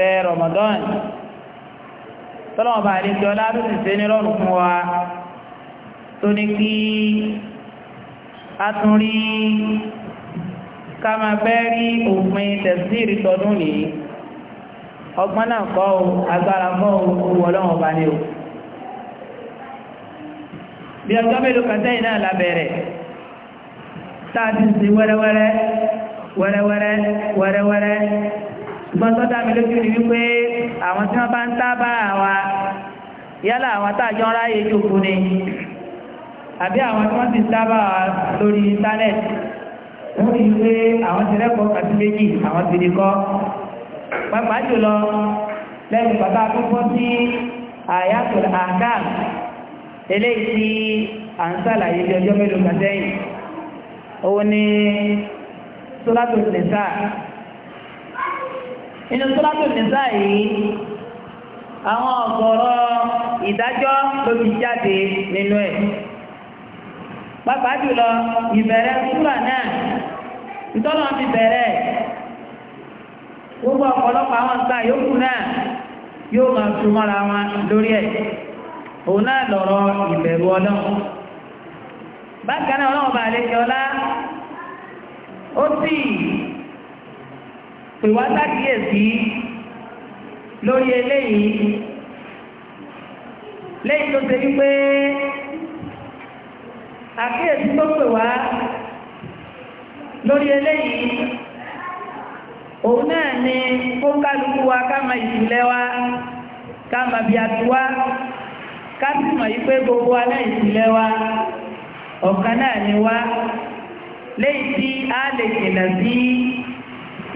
ìbẹ̀rẹ̀ Ramadan tọ́lọ́wọ́ bá rí kí ọlá tó ti ṣe ní rọrùn fún wa tó ní kí a tún rí ká máa fẹ́ rí òpin tẹ̀síìrì tọdún nìyí ọgbọ́n náà kọ́ o agbára kọ́ o owó bá ní o ṣùgbọ́n tó dá mi lójú ni wípé àwọn tí wọ́n bá ń tábà wa yálà àwọn táàjọ ráyè jókòó ni àbí àwọn tí wọ́n ti tábà wa lórí íńtánẹ́ẹ̀tì wọ́n ti wípé àwọn ti rẹ́kọ̀ọ́ kàtí méjì àwọn ti di kọ́ pàápàá jùlọ lẹ́nu bàbá akókó sí àyàtọ̀ àkáàm eléyìí tí à ń sàlàyé bí ọjọ́ mélòó kan sẹ́yìn òun ni sólátò nìsáà inú sọ́látò nìsá yìí àwọn ọ̀gọ̀rọ̀ ìdájọ́ ló ti jáde nínú ẹ̀ pàápàá jùlọ ìbẹ̀rẹ̀ súrà náà ìtọ́nà ti bẹ̀rẹ̀ gbogbo ọ̀pọ̀lọpọ̀ àwọn nǹkan yòókù náà yóò máa tún mọ́ra wọn lórí ẹ̀ òun náà lọ̀rọ̀ ìbẹ̀rù ọlọ́run bákan náà ọlọ́run bá lè jọlá ó sì pè wá sákìyèsí lórí eléyìí lẹ́yìn tó ṣe wípé àkíyèsí tó pè wá lórí eléyìí òun náà ni kó kálukú wa ká máa ìsìlẹ̀ wa ká máa bí àti wá ká sì mọ̀ yí pé gbogbo wa náà ìsìlẹ̀ wa ọ̀kan náà ni wá léyìí tí a lè jìnà sí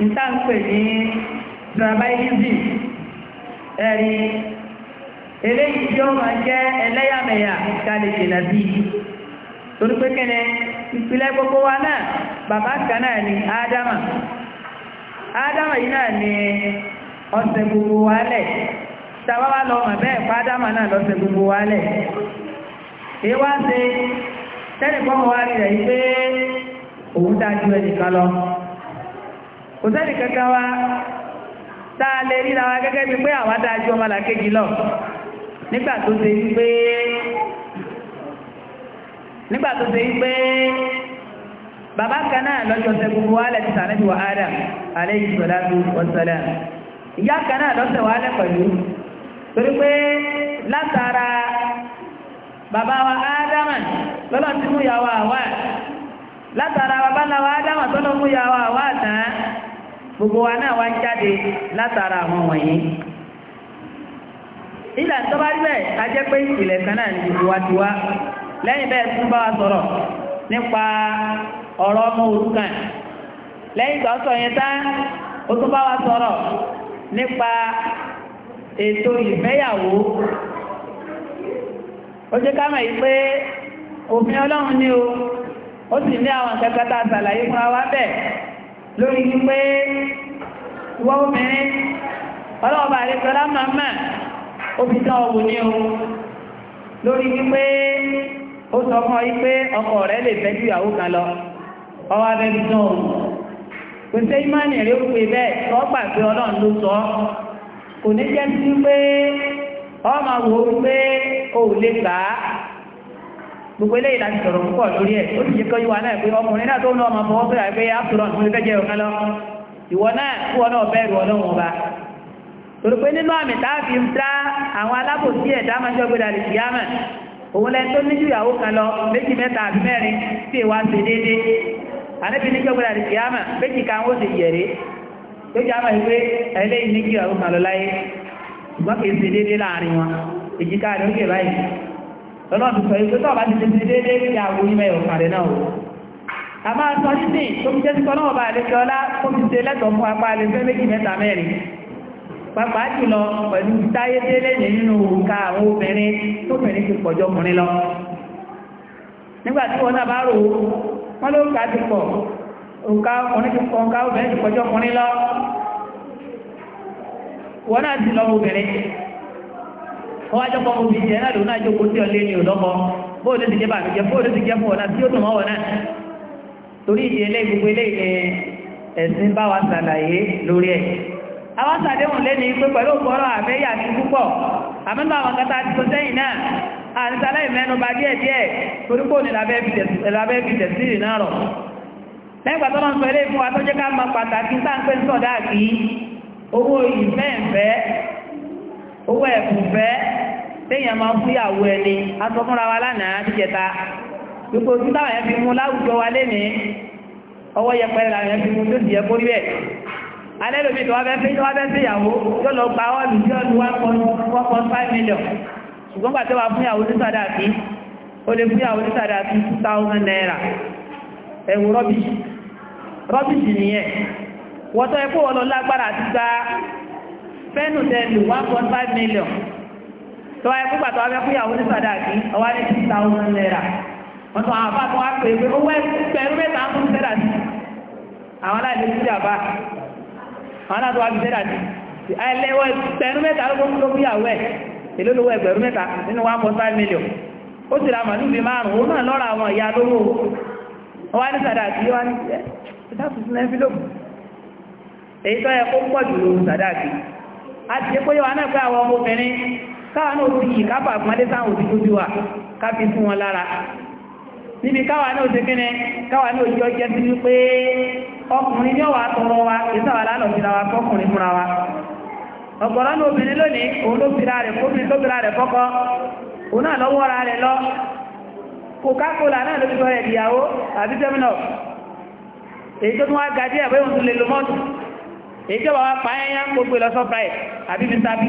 ìtàǹpẹ̀ ní tribalism ẹ̀rí eléyìí tí ó máa jẹ́ ẹlẹ́yàmẹ̀yà kálẹ̀ jìnà bí i torí pé kẹ́nẹ̀ ìpìlẹ̀ gbogbo wa náà bàbá kan náà ni ádámà ádámà yìí náà ni ọ̀sẹ̀ gbogbo wa lẹ̀ tàbá wá lọ mọ̀ bẹ́ẹ̀ pa ádámà náà lọ́sẹ̀ gbogbo wa lẹ̀ èyí wá ṣe tẹ́lẹ̀ pọ́mọ wa rí rẹ̀ yìí pé òun dájú ẹnìkan lọ kò sẹ́ni kankan wa tá a lè ríra wa gẹ́gẹ́ bí pé àwa dáa ju ọmọ làkejì lọ nígbà tó ṣe pé nígbà tó ṣe pé bàbá kan náà lọ́jọ́ ṣe gbogbo wa lẹ́ti sànẹ́bí wa Adam alayhi salatu wassalam ìyá kan náà lọ́sẹ̀ wa lẹ́ pẹ̀lú torí pé látara bàbá wa Ádámà lọ́lọ́ ti mú ìyàwó àwa látara bàbá náà wa Ádámà tó lọ mú ìyàwó àwa tán gbogbo wa náà wá ń jáde látara àwọn wọ̀nyí ìlà tó bá rílẹ̀ a jẹ́ pé ìpìlẹ̀ kan náà ní ìwàtíwá lẹ́yìn bẹ́ẹ̀ tún bá wa sọ̀rọ̀ nípa ọ̀rọ̀ ọmọ òrukàn lẹ́yìn ìgbà ọ̀sọ̀ yẹn tán ó tún bá wa sọ̀rọ̀ nípa ètò ìfẹ́yàwó ó jẹ́ ká mọ̀ yìí pé òfin ọlọ́run ni o ó sì ní àwọn kẹkẹta àṣàlàyé fún wa bẹ́ẹ̀ lórí wípé wọ́n obìnrin ọlọ́ọ̀bà àríkọlá màmá obìnrin ọ̀wù ní o lórí wípé ó sọ fún ọ wípé ọkọ rẹ lè fẹ́ ju ìyàwó kan lọ ọwọ́ abẹ́bí náà kò sí ìmánì rẹ̀ ó pè bẹ́ẹ̀ tó gbà pé ọlọ́run ló sọ ní jẹ́ sí pé ọmọ wò ó pé o ò lè gbà gbogbo eléyìí láti sọ̀rọ̀ púpọ̀ lórí ẹ̀ ó sì jẹ́ kọ́ ìwà náà pé ọkùnrin náà tó ń lọ ọmọ fọwọ́ pé àìpé ní fẹ́ jẹ́ ọ̀kan lọ ìwọ náà kú náà bẹ̀rù ọlọ́run ọba torí nínú àmì tá dá àwọn alábòsí ẹ̀ dá máa dàrí sí àmà òun lẹ́ni tó níjú ìyàwó kan lọ méjì mẹ́ta àbí mẹ́rin tí èwà ṣe déédéé àníbi ní jọ́gbé dàrí sí àmà méjì kan ó sì yẹ̀rẹ́ tó jẹ́ àmà ìwé ẹlẹ́yìn níjú ìyàwó kan lọ láyé ṣùgbọ́n kì í ṣe láàrin wọn èjìká rẹ̀ ó yẹ̀ báyìí lọ́nà ti sọ ìgbé tọ́ọ̀bá ti tẹ́sí dédé ní àwọ onímẹ̀ òkàrẹ náà a máa sọ nítí tó fi jẹ́sí kọ́nà ọba àlejò ọlá tó fi ṣe lẹ́tọ̀ fún apá àlejò méjì mẹ́ta mẹ́rin pàpà jùlọ pẹ̀lú táyé délé nínú òǹkà àwọn obìnrin tó bẹ̀rẹ̀ ti pọ̀jọ ọkùnrin lọ nígbà tí wọn náà bá rò wọn ló kà á ti pọ̀ òǹkà ọkùnrin ti pọ̀ wọ́n wá jọ́pọ̀ omi jẹ́ náà náà jókòó sí ọ̀lẹ́ ọ̀dọ́kọ bóòlù ti jẹ́ bàmí jẹ́ bóòlù ti jẹ́ tí ó náà torí ìdí eléyìí gbogbo eléyìí ni ẹ̀sìn bá wa ṣàlàyé lórí ẹ̀ àwọn sàdéhùn lẹ́ni pé pẹ̀lú púpọ̀ àwọn kata ti sẹ́yìn náà bá díẹ̀ díẹ̀ fi lẹ́gbà fún wa tó jẹ́ ká pàtàkì sáńpẹ́ téèyàn máa fún ìyàwó ẹni aṣọ fúnra wa lánàá níjẹta gbogbo ojú táwọn yẹn fi mú láwùjọ wa lénìí ọwọ́ yẹpẹrẹ làwọn yẹn fi mú tó dìé kórí ẹ̀ alẹ́ lómi tó wá fẹ́ fẹ́ wá fẹ́ fẹ́yàwó yóò lọ gba ọ́ọ̀lù tí ọ̀lù one point five million ṣùgbọ́n gbà tó wà fún ìyàwó ní sàdá sí ó lè fún ìyàwó ní sàdá sí two thousand naira ẹ̀wù rọ́bìṣì rọ́bìṣì nìyẹn wọ́tọ́ ẹ̀kọ́ wọ́n lọ lágbára àti gba fẹ́nù tẹ̀lù one million tó wáyé fún gbàtọ́ abẹ́ fúyàwó ní sàdáàkì ọwá ní six thousand naira wọ́n tún àwọn afáàkọ́ wá pè é pé owó mẹ́ta ń fún sẹ́dà sí àwọn aláìlú sí àbá àwọn aláàtọ̀ wá fi sẹ́dà sí ẹlẹ́wọ̀ ẹgbẹ̀rún mẹ́ta ló fún ẹ̀ ẹgbẹ̀rún mẹ́ta nínú one point five million ó ra màlúù bíi márùn-ún náà lọ́ra àwọn ìyá lówó ní sàdáàkì wá ní káwọn náà ti yìí kápá àpọ̀mọ́lé sáwọn òbí lójú wa ká fi fún wọn lára níbi káwa náà ti kíni káwa náà yọ jẹ́ sí wípé ọkùnrin yóò wá tọrọ wa ìsáwà lánàá fi ra wa fọkùnrin fúnra wa ọ̀gọ̀rọ̀ ní obìnrin lónìí òun ló fira rẹ̀ kóbìnrin tó fira rẹ̀ kọ́kọ́ òun náà fi sọ rẹ̀ ìyàwó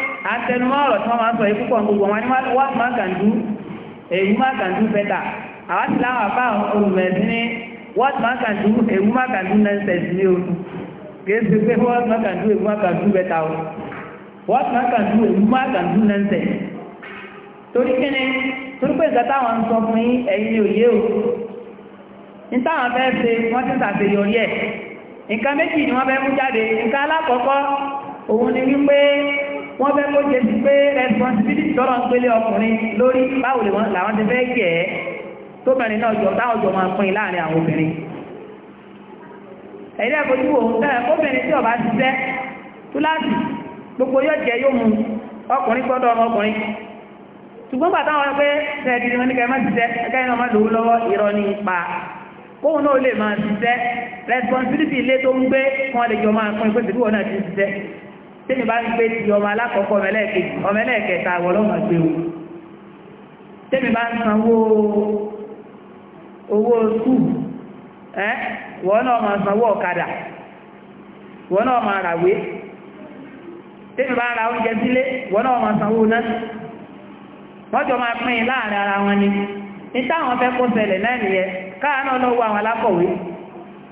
àtẹnumọ́ ọ̀rọ̀ tí wọ́n máa ń sọ ikú pọ̀ gbogbo wọn ni what man can do a woman can do better àwọn ti láwọn àbá olùmẹ̀sí ní what man can do a woman can do nonsense ní o kéèsì pé what man can do a woman can do better what man can do a woman can do nonsense torí kíni torí pé ìgbà táwọn ń sọ fún yín ẹ̀yin ni òye o ní táwọn fẹ́ ṣe wọ́n ti ṣàṣeyọrí ẹ̀ nǹkan méjì ni wọ́n fẹ́ mú jáde nǹkan alákọ̀ọ́kọ́ òun ni wípé wọ́n fẹ́ kó jẹ sí pé responsibility tọ́rọ ń pélé ọkùnrin lórí báwo lè wọ́n làwọn ti fẹ́ kẹ̀ ẹ́ tóbìnrin náà jọ táwọn jọ máa láàrin àwọn ọba ṣiṣẹ́ túláàsì gbogbo yóò jẹ yóò mu ọkùnrin gbọ́dọ̀ ọmọ ṣùgbọ́n bàtà wọn pé ṣẹ́ẹ̀dì ni wọ́n ní kẹ́mọ́ ṣiṣẹ́ ẹgbẹ́ iná lòó lọ́wọ́ ní ipa náà lè máa ṣiṣẹ́ responsibility ilé tó ń gbé máa pé ṣèlú wọn tẹ́lẹ̀ bá ń gbé ti ọmọ alákọ̀ọ́kọ́ ọmọ ẹlẹ́ẹ̀kejì ọmọ ẹlẹ́ẹ̀kẹta àwọn ọlọ́mọ gbé o tẹ́lẹ̀ bá ń sanwó owó skul ẹ́ wọ́n náà ma sanwó ọ̀kadà wọ́n náà ma ràwé tẹ́lẹ̀ bá ń ra oúnjẹ sílé wọ́n náà máa sanwó náà wọ́n jọ máa pín in láàrin ara wọn ni ní táwọn fẹ́ kó ṣẹlẹ̀ náà nìyẹn káà náà lọ́wọ́ àwọn alákọ̀wé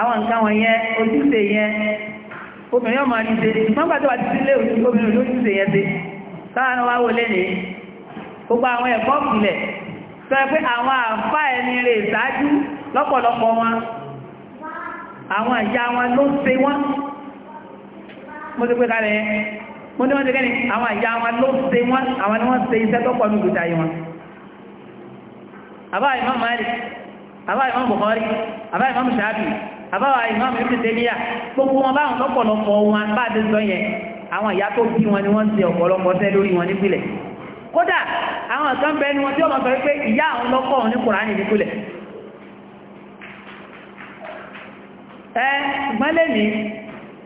àwọn nǹkan wọn yẹn ojúṣe yẹn obìnrin ọmọ ní ṣe ṣùgbọ́n gbàtọ́ àti sílé obìnrin olójúṣe yẹn ṣe sáàánú wá wọlé ní gbogbo àwọn ẹ̀kọ́ ìpìlẹ̀ sọ pé àwọn àfá ẹni rẹ̀ ṣáájú lọ́pọ̀lọpọ̀ wọn àwọn ìyá wọn ló ṣe wọ́n mo ti pé kalẹ̀ mo ní wọ́n ti kẹ́ni àwọn ìyá wọn ló ṣe wọ́n àwọn ni wọ́n ṣe iṣẹ́ tó pọ̀ nígbèta yìí wọn àbá ìmọ̀ mọ́rí àbá ìmọ̀ bùkọ́rí àbá ìmọ̀ mùsàábì àbáwà ìmáàmù Ibn Taymiyyah gbogbo wọn báwọn lọ́pọ̀lọpọ̀ wọn bá ti sọ yẹn àwọn ìyá tó bí wọn ni wọ́n ti ọ̀pọ̀lọpọ̀ tẹ́ lórí wọn nípìnlẹ̀ kódà àwọn kan bẹ ni wọn tí ọmọ sọ pé ìyá àwọn lọ́kọ̀ ní Kùránì nípìnlẹ̀ ẹ gbọ́lẹ̀ ní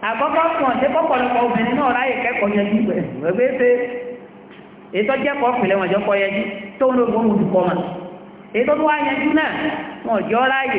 àkọ́kọ́ fún ọ̀tẹ́ pọ̀pọ̀lọpọ̀ obìnrin náà ráyè kẹ́kọ̀ọ́ yẹn jù ẹgbẹ́ pé ètò jẹ́kọ̀ọ́ pìlẹ̀ wọn jọ́kọ́ yẹn jù tó ń lò fún olùkọ́ wọn ètò tó wá yẹn jù náà wọn jọ́ ráyè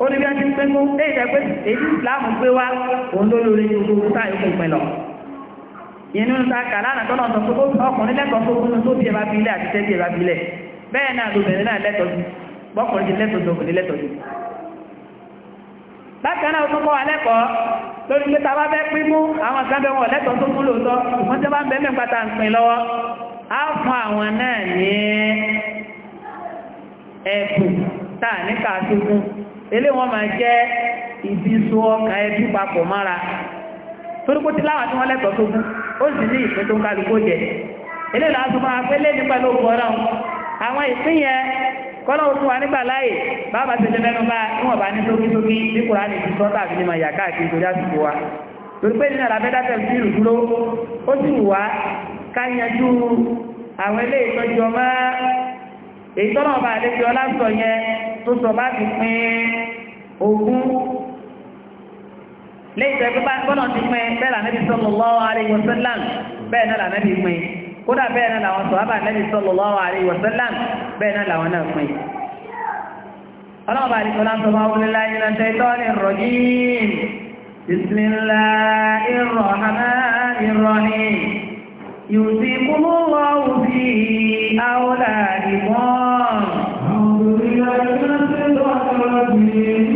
ó ní bí wọ́n ti pé mú lé ìdẹ́gbẹ́ èyí ìsìláàmù gbé wá òun ló lórí gbogbo táà yóò pín lọ ìyẹn nínú ta kà lánàá tọ́nà sọ pé ọkùnrin lẹ́tọ̀ọ́ tó kúnnú tó bí ẹba bí ilẹ̀ àti tẹ́bí ẹba bí ilẹ̀ bẹ́ẹ̀ náà lóbìnrin náà lẹ́tọ̀ọ́ sí bọ́kùnrin ti lẹ́tọ̀ọ́ lóbìnrin lẹ́tọ̀ọ́ sí bákan náà tó kọ́ wa lẹ́kọ̀ọ́ lórí pé tàbá fẹ́ pín mú àwọn kan bẹ́ wọn lẹ́tọ̀ọ́ tó kún lóòótọ́ ṣùgbọ́n tí wọ́n bá ń ẹ̀bùn tá ní kàásùgún ele wọn máa jẹ́ ìbísọ ọkà ẹbí papọ̀ mára torí tí láwọn tí wọ́n tó kú ó sì ní ìpín tó ń jẹ eléyìí láti máa nípa ló kọ náà àwọn ìpín yẹn kọ́lọ́ òtún wa nígbà láàyè bá níwọ̀n bá ní tókítókí kùránì ti sọ́tà ní wa sí dúró ó sì wù wá àwọn èyí tọ́lá ọba àlejò ọlásọ yẹn tó sọ bá ti pín ogún léyìí tẹ́ pípa bọ́nà ti pín bẹ́ẹ̀ lànàbí sallallahu alaihi wasallam bẹ́ẹ̀ náà lànàbí pín kódà bẹ́ẹ̀ náà làwọn sọ ábà lẹ́bí sallallahu alaihi wasallam bẹ́ẹ̀ náà làwọn náà pín ọlọ́ọ̀bà àlejò ọlásọ máa wọlé láyé náà tẹ́ tọ́lẹ̀ rọ̀jìn bismillahir rahmanir rahim يوصيكم الله في أولادكم أعوذ بالله من الشيطان الرجيم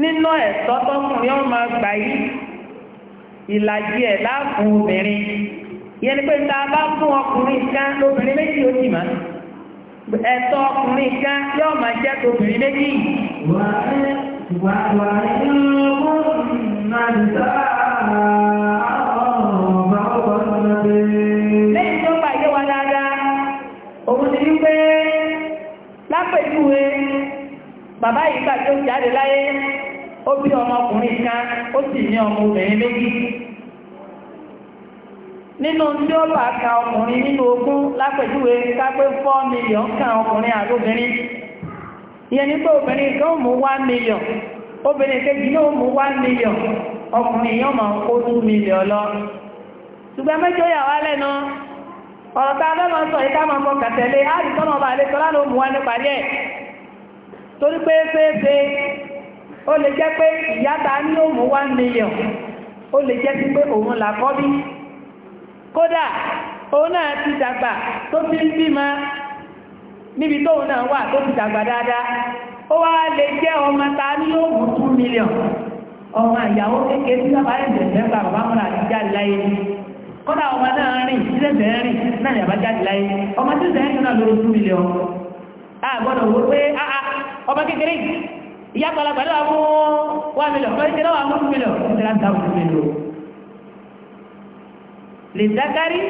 nínú ẹ̀tọ́ tọkùnrin ọmọ gbà yìí ìlàjì ẹ̀ láàfún obìnrin yẹn ni pé tá a bá fún ọkùnrin kan lóbìnrin méjì ó jì máa ẹ̀tọ́ ọkùnrin kan yóò máa jẹ́ tóbìnrin méjì. lẹ́yìn tó bá yé wa dáadáa òun ti wípé lápèjúwe bàbá yìí gbàgbé òjáde láyé ó bí ọmọkùnrin kan ó sì ní ọmọbìnrin méjì nínú tí ó bá ka ọkùnrin nínú ogún lápẹjúwe kápé four million kan ọkùnrin àlóbìnrin ìyẹn ní pé obìnrin kan mú one million obìnrin kejì náà mú one million ọkùnrin yóò máa kó two lọ ṣùgbọ́n méjì ó yà wá lẹ́nu ọ̀rọ̀ tá a sọ máa kàtẹ́lé á rí tọ́nà ọba ó lè jẹ́ pé ìyá ta ní òmù one million ó lè jẹ́ sí pé òun làkọ́bí kódà òun náà ti dàgbà tó ti ń bímọ níbi tóun náà wà tó ti dàgbà dáadáa ó wá lè jẹ́ ọmọ ta ní òmù two million ọmọ ìyàwó kékeré tí bàbá ẹ̀jẹ̀ mẹ́fà bàbá mọ́ra àti jáde láyé kódà ọmọ náà rìn sílẹ̀sẹ̀ rìn náà yàbá jáde ọmọ tí sẹ́yìn náà ìyá àgbàlagbà náà mú wá mílọ̀ ọmọ ìṣẹ́ náà mú mílọ̀ ìṣẹ́ láti àwọn mílọ̀ lè dákárí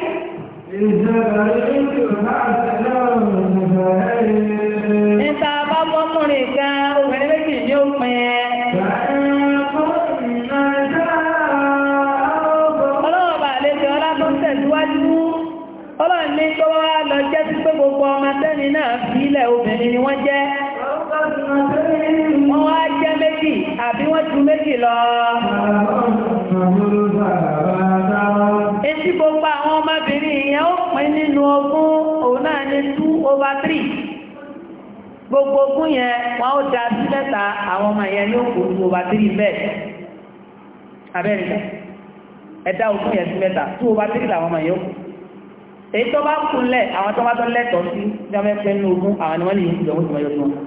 níta ní tó wá lọ jẹ́ sí pé gbogbo ọmọ tẹ́ni náà fi ilẹ̀ obìnrin ni wọ́n jẹ́ àbí wọ́n ju méjì lọ. Etí gbogbo àwọn ọmọbìnrin ìyẹn ó pín nínú ogún òun náà ní two over three. Gbogbo ogún yẹn wọ́n ó da sí mẹ́ta àwọn ọmọ ìyẹn yóò kó two over three bẹ́ẹ̀. Abẹ́rẹ́ ẹ̀dá ogún yẹn sí mẹ́ta two over three làwọn ọmọ yẹn ó kó. Èyí tó bá kúnlẹ̀ àwọn tó bá tó lẹ́tọ̀ọ́ sí jọ́mẹ́pẹ́ nínú ogún àwọn ni wọ́n lè yí ìjọba ìjọba ìjọba.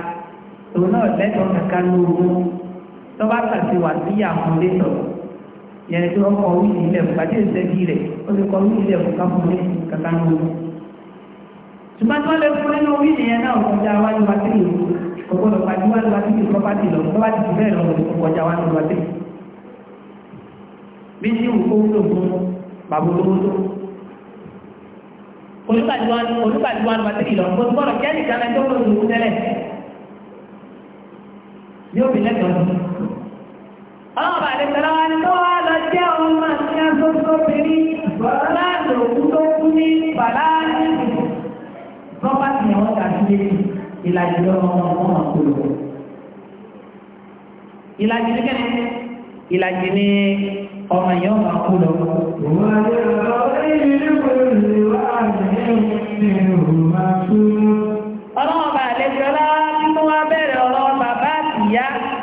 tòun náà lẹ́tọ̀ọ́ kankan lóògùn tó bá tàbí wà sí àwọn ilé sọ̀rọ̀ yẹn tí wọ́n kọ wíìlì ilẹ̀ fún pàdé ìṣẹ́gi rẹ̀ ó ti kọ wíìlì ilẹ̀ fún káfíńlẹ̀ kankan lóògùn. ṣùgbọ́n tí wọ́n lè fún nínú wíìlì yẹn náà kọjá wájú wá sí ìlú kòkòrò pàdé wájú wá sí ìlú pọ́pátì lọ tó bá ti jù bẹ́ẹ̀ lọ kọjá wájú wá sí. bí tí òkú wúlò fún bàbá olówó tó olùgbàdìwánu bàtẹ́rì lọ gbọ́dọ̀ kẹ́ẹ̀lì kan náà tó lọ́ọ́ yóò fi lẹ́tọ̀ọ́ sí. ọmọ bàdé tẹ́lá wa ni tó wá lọ jẹ́ ọmọ sí asọ́sọ́ bìrí bọ́lá lòkú tó kú ní bàlá ní bọ́pá sì ni wọ́n ta sí lé ìlàjì lọ́wọ́ ọmọ àkọlù. ìlàjì ní kẹ́ni ìlàjì ní ọmọ yẹn ọmọ àkọlù. wọ́n ọlọ́wọ́ bàdé tẹ́lá wa. àtìyá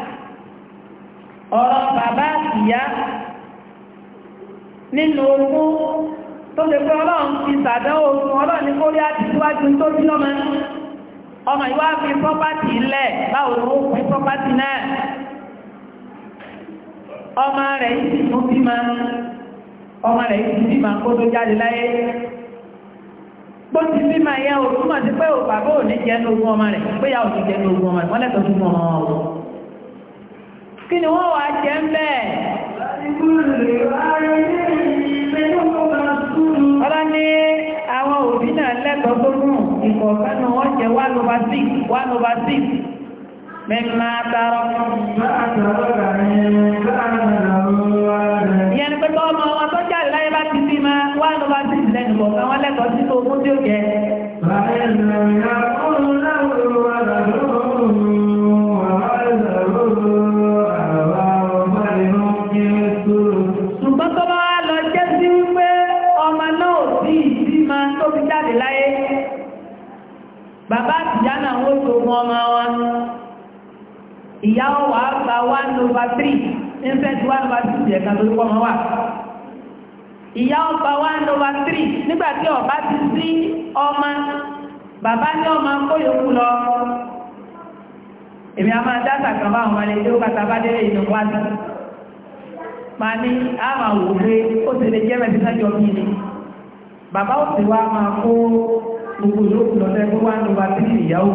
ọ̀rọ̀ bàbá àtìyá nínú ogún tó lè pé ọlọ́run ti sàdánwò fún ọlọ́run ní kórí tó bí ọmọ ìwá fi pọ́pátì báwo ló pọ́pátì náà ọmọ rẹ̀ bímọ ọmọ rẹ̀ bímọ kó tó jáde láyé ti bímọ ìyá òtúmọ̀ sí pé ò bàbá ò ní jẹ́ ní ogún ọmọ rẹ̀ pé ìyá ò ní jẹ́ ní ọmọ rẹ̀ wọ́n lẹ́tọ̀ọ́ kí ni wọ́n wà jẹ́ ń bẹ́ẹ̀ ọlá ní àwọn òbí náà lẹ́tọ̀ọ́ tó mú wọ́n jẹ́ 1 over 6 1 over 6 mímá tààrọ ìyẹn pé tọ́ ọmọ wọn tó jáde láyé bá ti bí ma wà ló bá ti lẹ́nu ọmọ wọn ìyá ọwà gba one over three instead one over two ti ẹ̀ka lórí pọ́nmọ́ wà ìyá ọgbà one over three nígbà tí ọba ti sí ọmọ bàbá ní ọmọ kóyòkú lọ èmi a máa dáta kan bá ọmọ ilé ó kàtà bá délé ìlú wá sí máa ní a máa wò pé ó ti lè jẹ́ mẹ́tí sájọ bí ni bàbá ó sì wá máa kó gbogbo ìlú òkú lọ́tẹ́ fún one over three ìyàwó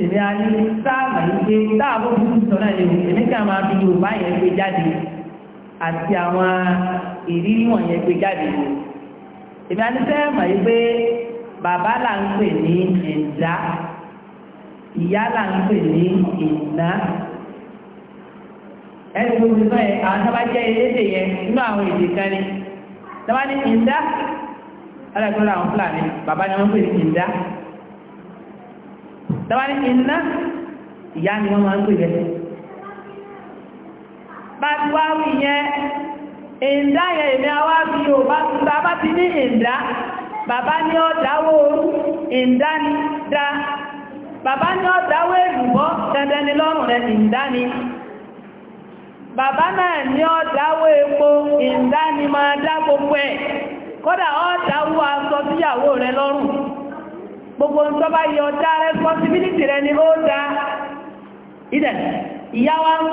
èmi á ní sáàmà yìí pé sáàbò fún ìsọ náà lè wò èmi kí a máa fi yorùbá yẹn gbé jáde àti àwọn ìrírí wọ̀nyẹn gbé jáde wò èmi á ní sáàmà yìí pé bàbá là ń pè ní ẹ̀dá ìyá là ń pè ní ìná ẹni tó ti sọ àwọn sábà jẹ́ elédè yẹn nínú àwọn èdè kan ni sábà ní ìdá alágbèrè àwọn fúlàní bàbá ni wọ́n pè ní ìdá tàbí iná ìyá ni wọ́n máa ń pè rẹ̀ bá ti wá wí yẹn ìndá yẹn èmi àwá bí o bá ti ní ìndá bàbá ní ọ̀dáwó ìndá ni dá bàbá ní ọ̀dáwó èlùbọ́ dandan lọ́rùn rẹ̀ ìndá ni bàbá náà ní ọ̀dáwó epo ìndá ni máa dá gbogbo ẹ̀ kódà ọ̀dáwó aṣọ síyàwó rẹ̀ lọ́rùn gbogbo ń yọ dá responsibility rẹ ni ó dá ìyá wa ń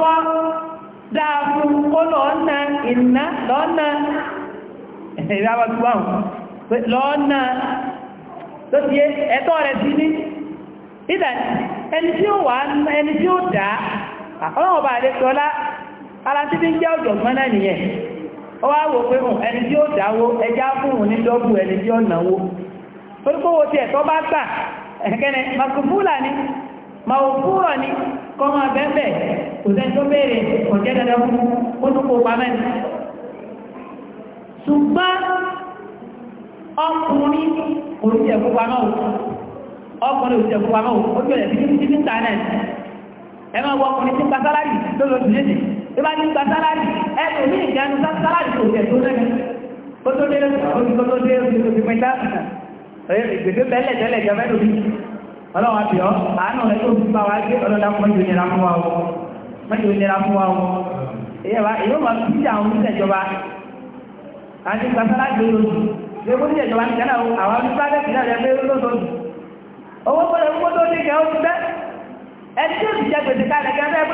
dáa fún kó lọ́ọ̀nà lọ́ọ̀nà ìyá wa lọ́ọ̀nà tó ti ẹ̀tọ́ rẹ̀ sí ní ìdẹ̀ ẹni tí ó wà ẹni tí ó dá ọlọ́wọ́ bá lè tọ́lá ara tí bí ń jẹ́ nìyẹn ó wá wò torípòwò tí ẹ̀tọ́ bá gbà ẹ̀kẹ́ni makufúlà ni màòfúrọ̀ ni kọ́mọ abẹ́bẹ̀ kò sẹ́ni tó béèrè ọ̀jẹ́ dandan fún ó tún kó pamẹ́ ni ṣùgbọ́n ọkùnrin òṣìṣẹ́ ìfowópamọ́ ọkùnrin òṣìṣẹ́ ìfowópamọ́ ó bẹ̀rẹ̀ bí títí ní tànẹ́ẹ̀tì ẹ máa wọ ọkùnrin tí ń gba sálárì lọ́lọ́dún lédè tó bá ní gba sálárì ẹ kò ní ìgbà ní sálárì tó tẹ̀ tó lẹ́nu kó tó dé lọ́sọ̀rọ̀ kó tó dé lọ́sọ̀rọ̀ ìgbèdé bẹ́lẹ̀ tẹ́lẹ̀ jẹ́ mẹ́lú rí ọlọ́wà bí ọ́ àánú rẹ̀ tó fi bá wa gbé ọlọ́dà fún mẹ́jọ nira fún wa o mẹ́jọ nira fún wa o èyí wa èyí ó máa fi jà àwọn oníṣẹ́jọba àti gbàsálà gbé lóṣù ṣé ó ní ìjọba nìkan náà àwọn abúlé bá dẹ́kun náà lẹ́gbẹ́ lóṣooṣù owó gbọ́dọ̀ gbogbo tó ní kẹ́ ó ti bẹ́ ẹni tí ó ti jẹ gbèsè kalẹ̀ kẹfẹ́ pé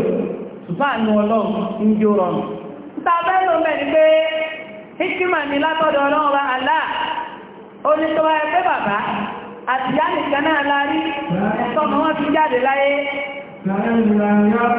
tó wá ṣùgbọ́n ọlọ́run ń jó rọrùn tàbẹ́ ló mẹ́ni pé hikima ni látọ̀dọ̀ ọlọ́run wa Allah onítọ́wà ẹgbẹ́ bàbá àti yá nìkan náà lárí tọ́mọ wọn fi jáde láyé tọ́mọ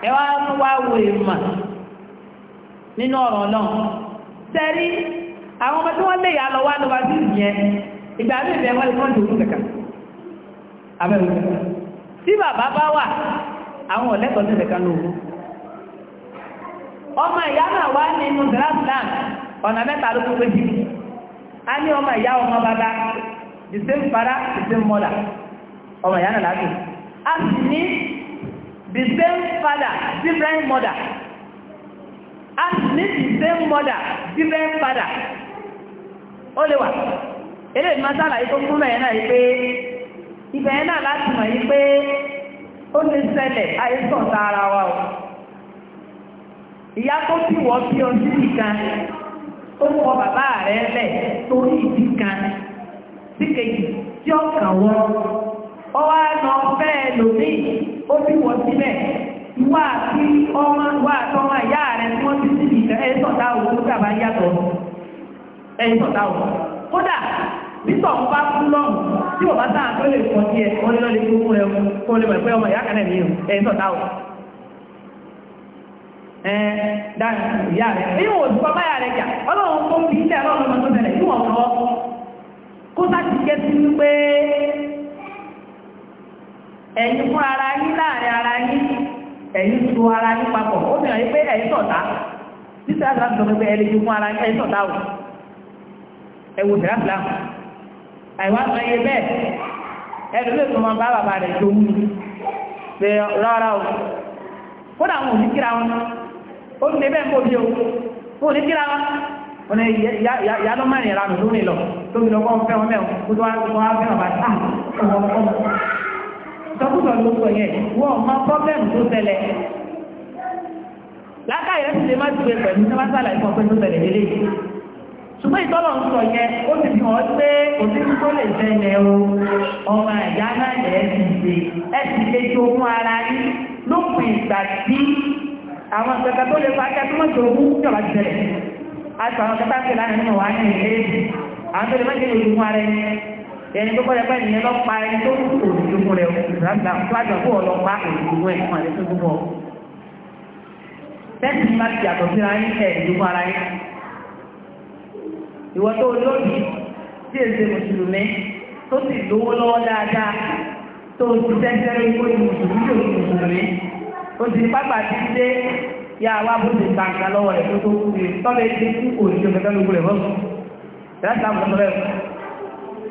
ẹ wá mú wá wo nínú ọ̀rọ̀ náà sẹ́rí àwọn ọmọ tí wọ́n lè yà lọ wá lọ́wọ́ sí ìyẹn ìgbà mí wọ́n lè fọ́n tó tí bàbá bá wà àwọn ọ̀lẹ́kọ̀ọ́ sí ìrẹ̀kan lóòrùn ọmọ ìyá náà wá nínú ọ̀nà mẹ́ta ló sí a ní ọmọ ìyá ọmọ bàbá the same father the same mother ọmọ ìyá the same father different mother and meet the same mother different father ó lè wà eléyìí máa sàlàyé tó kúrò ẹ̀yẹn náà yìí pé ibẹ̀ yẹn náà láti mọ̀ yìí pé ó lè ṣẹlẹ̀ àìsàn tààrà wa o ìyá tó ti wọ́ bí ọ sí nìkan tó wọ bàbá rẹ̀ lẹ̀ torí ìdí kan síkejì tí ó kàn wọ́n ó wá lọ fẹ́ lòmíì ó ti sílẹ̀ wá sí ọmọ wá àtọ́mọ ìyá rẹ̀ tí wọ́n ti síbi ìfẹ́ ẹ̀ sọ̀tà òun tó dàbá yàtọ̀ ẹ̀ sọ̀tà òun kódà bísọ̀ ń bá fún lọ́rùn tí wọ́n bá sáà tó lè sí ẹ̀ wọ́n fún rẹ̀ kó lè mọ̀ pé ọmọ ìyá kan ẹ̀ sọ̀tà òun ìyá rẹ̀. rẹ̀ ọlọ́run tó ń bí ẹ̀yin fún ara yín láàrin ara yín ẹ̀yin tu ara yín papọ̀ ó fi hàn yín pé ẹ̀yin sọ̀tá títí àti láti sọ pé ẹ lè fi fún ara yín ẹ̀yin sọ̀tá o ẹ̀wò ìdáàbìlà àìwá sọ iye bẹ́ẹ̀ ẹ̀rọ lè tó máa bá bàbá rẹ̀ tó wú pé rárá o kódà wọn ò ní kíra wọn ó ní bẹ́ẹ̀ ń bò bí o wọn ò ní kíra wọn wọn ìyá ló mẹ́rin ìranù lónìí lọ lómi lọ́kọ́ fẹ́ wọn mẹ́rin kó tó wá fẹ́ràn bá sọkúsọ ló sọ yẹn wọ́n mọ pọ́blẹ́mù tó ṣẹlẹ̀ lákàyè ti lè má ti gbé pẹ̀lú tí wọ́n sàlàyé fún ọpẹ́ tó ṣẹlẹ̀ nílé ṣùgbọ́n ìtọ́lọ̀ ń sọ yẹn ó ti fi hàn pé òtítù tó lè ṣẹlẹ̀ o ọmọ ẹ̀yà náà lẹ̀ ẹ́ ti ṣe ẹ́ ti ṣe tó fún ara yín lópin ìgbà tí àwọn ìgbàgbà tó lè fa akẹ́kọ̀ọ́ tó mọ̀ tó jọba ti ṣẹlẹ̀ àti àwọn kẹta ń láàrin náà wà ní ìlérí àwọn tó lè má ṣe lè fún ara yín ẹni tó kọ́lẹ̀ pẹ́ni yẹn lọ́pa ẹni tó kù òdìdúgbò rẹ̀ ìgbàgbà fúlájọ fún ọlọ́pàá òdìdúgbò ẹ̀ fún àdé tó gbọ́ bẹ́ẹ̀ni ní láti yàtọ̀ síra ní ẹ̀ẹ́dìdúgbò ara yẹn ìwọ tó lóbi tí èsè mùsùlùmí tó sì lówó lọ́wọ́ dáadáa tó ti tẹ́tẹ́rẹ́ ikú ní mùsùlùmí tó ní mùsùlùmí ó ti pápá ti dé yá wá bó ti gbàǹkà lọ́wọ́ rẹ̀ tó tó kú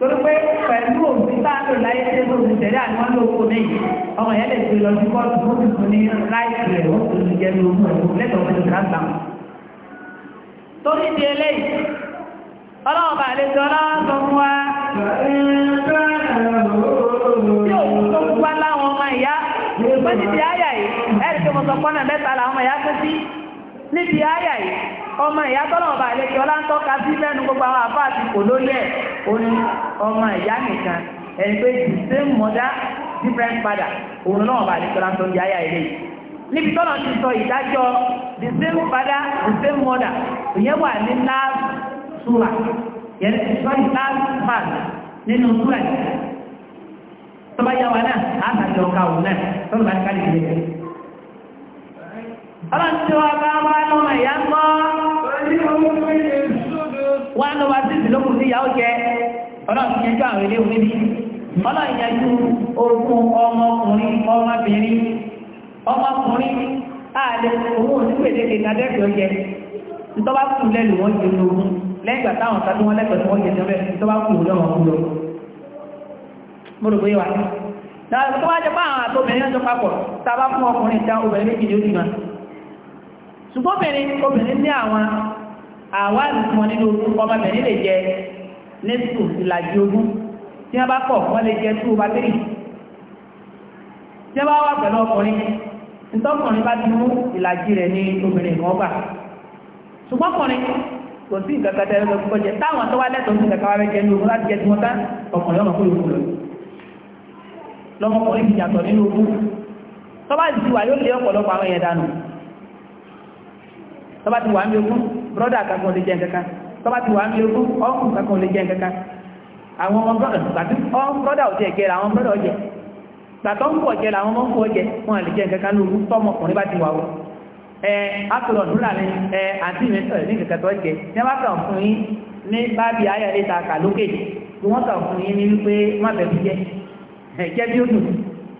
torí pé pẹ̀lú òfin bá lò láyé tí ó ti tẹ̀lé àwọn olóko ní ọmọ yẹn lè gbé lọ sí kóòtù ó ti fún ní láìsí rẹ̀ ó ti jẹ́ ní ogún ẹ̀kọ́ lẹ́tọ̀ọ́ fẹ́ lọ́dà gbà. torí di eléyìí ọlọ́ọ̀bà àlejò ọlọ́wọ́ sọ fún wa tí òun tó fún wa láwọn ọmọ ìyá pé títí àyà yìí ẹ̀rí tó mọ̀ sọ pọ́nà mẹ́ta làwọn ọmọ ìyá pé sí níbi ayà yìí ọmọ ìyá tọ́lọ̀ọ̀bà àlejò ọlá ń sí gbogbo àwọn àfá àti kò lórí ẹ̀ ní ọmọ ìyá nìkan ẹni pé the same mother different father òun náà bà ní ọlá ayà níbi tọ́lọ̀ ti sọ ìdájọ́ the same father the same mother ìyẹn wà ní last yẹn ti sọ last part nínú yìí náà òun náà tọ́lọ̀ bá ká ọlọ́tí wọ́n bá wá lọ́mọ ìyá ń gbọ́ wọ́n lọ wá sí ìdílókùn sí ìyàwó jẹ ọlọ́tí yẹn jọ àwọn ilé òun níbi ọlọ́tí yẹn ju orúkún ọmọkùnrin ọmọbìnrin ọmọkùnrin ààlẹ òun ò ní pèdéke kádẹ́ẹ̀kì ọjẹ ìtọ́ba kù lẹ́nu wọ́n jẹ lógún lẹ́yìn ìgbà táwọn ọ̀tá tí wọ́n lẹ́kọ̀ọ́ tí wọ́n jẹ jẹ́rẹ́ ìtọ́ba kù lọ́wọ́ kú lọ mo rò pé wà láti tó wá jẹ pé àwọn àtọ́bìnrin náà jọ bá fún ọkùnrin ìta obìnrin méjì ṣùgbọ́n obìnrin obìnrin ní àwọn àwa ìsìnkú nínú ogún ọmọbìnrin lè jẹ nẹ́sù ìlàjì ogún tí wọ́n bá pọ̀ wọ́n lè jẹ tó bá tẹ́rì tí wọ́n bá wà pẹ̀lú ọkùnrin ìtọ́kùnrin bá ti mú ìlàjì rẹ̀ ní obìnrin kan gbà ṣùgbọ́n ọkùnrin kò sí nǹkan kan tẹ́lẹ̀ lọ́kọ́ jẹ táwọn tó wá lẹ́tọ̀ọ́ sí nǹkan kan wá jẹ ní ogún láti jẹ tí wọ́n tán ọkùnrin ọmọ kúrò kúrò lọ́mọkùnrin ìyàtọ̀ nínú ogún tó bá ti wà yóò lé ọ̀pọ̀lọpọ̀ àwọn èèyàn tọ́bá ti wà ń bí ogún brọ́dà kankan lè jẹ́ nǹkankan tọ́bá ti wà ń bí ogún ọkùn kankan lè jẹ́ nǹkankan àwọn ọmọ brọ́dà ò jẹ́ gẹ́ra àwọn brọ́dà ọjẹ́ gbàtọ́ ń pọ̀ jẹ́ làwọn ọmọ ń pọ̀ jẹ́ wọn lè jẹ́ nǹkankan lóòrùn tọ́mọkùnrin bá ti wà wọ́n ẹ atọlọ nura ni ẹ àti ìrẹsẹ ní kẹkẹtọ jẹ ní wọn kàn fún yín ní báàbí ayọ̀lẹ́ta kà lókè tí wọ́n kàn fún yín ní wípé má bẹ̀rù jẹ ẹ jẹ́ bí ó dùn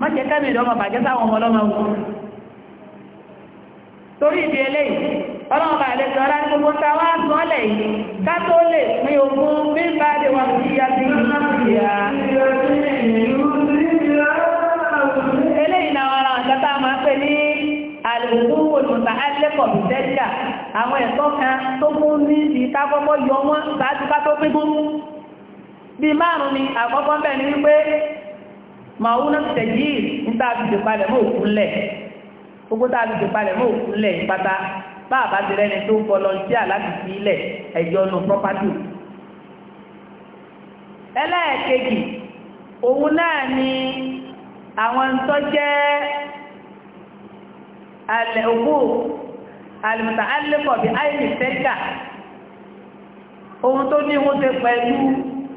má jẹ́ kẹ́mì ìdọ́mọ bàjẹ́ sáwọn ọmọ ọlọ́mọ wù torí ìdí eléyìí ọlọ́mọ bàjẹ́ sọ ọlá gbogbo ta wá yìí ká lè pín ogún bí dé wọn sí ya sí eléyìí náà wọn àwọn ìjọta máa pè ní àlùkù olùta alẹ́kọ̀ọ́ ìtẹ́jà àwọn ẹ̀tọ́ kan tó fún ní ìta kọ́kọ́ yọ wọn sáájú ká tó pín gún bí márùn-ún ni àkọ́kọ́ bẹ̀ ní wípé màwúnà tẹ̀yí níta àbìdè palẹ̀ mọ́ òkú lẹ̀ gbogbo tá àbìdè palẹ̀ mọ́ òkú lẹ̀ pátá bá a bá ti rẹ́ni tó volunteer láti fi ilẹ̀ ẹ̀yọ́ nu property. ẹlẹ́ẹ̀kejì òun náà ni àwọn tó jẹ́ alẹ́ òkú alìmọ̀tà alẹ́kọ̀ọ́ bíi àìní fẹ́kà ohun tó ní wọ́n ṣe pẹ̀lú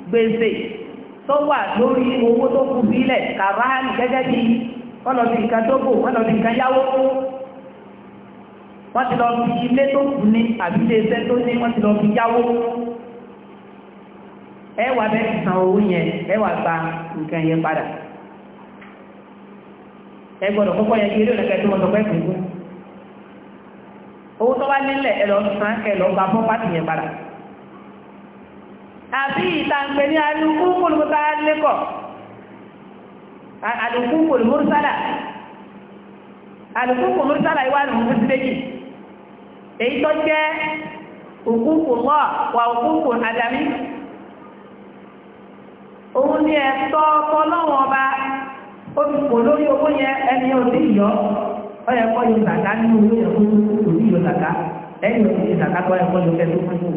gbèsè tó wà lórí owó tó kú sílẹ̀ kàbáàlì gẹ́gẹ́ bí wọ́n lọ sí nǹkan dógò wọ́n lọ sí nǹkan yáwó wọ́n ti lọ fi ilé tó kù ní àbí ilé iṣẹ́ tó ní wọ́n ti lọ fi yáwó ẹ wà bẹ́ẹ̀ san owó yẹn ẹ wà gba nǹkan yẹn padà ẹ gbọ́dọ̀ kọ́kọ́ yẹn kí eré òlẹ́kẹ́ tó tó bá nílẹ̀ àbí ìtàǹpẹ̀ ní alùkúkùn mùsàlẹ́kọ̀ alùkúkùn mùsàlà alùkúkùn mùsàlà ìwà alùmùsùlẹ́kì èyí tó jẹ́ òkúkùn lọ wà òkúkùn àdàmí òun ni ẹ̀tọ́ ọlọ́wọ́n ọba ó fi kò lórí owó yẹn ẹni òní ìyọ́ ọyẹ kọ́ yóò zàká nínú owó yẹn kó yóò zàká ẹni òní zàká kọ́ yẹ kọ́ yóò fẹ́ tó fún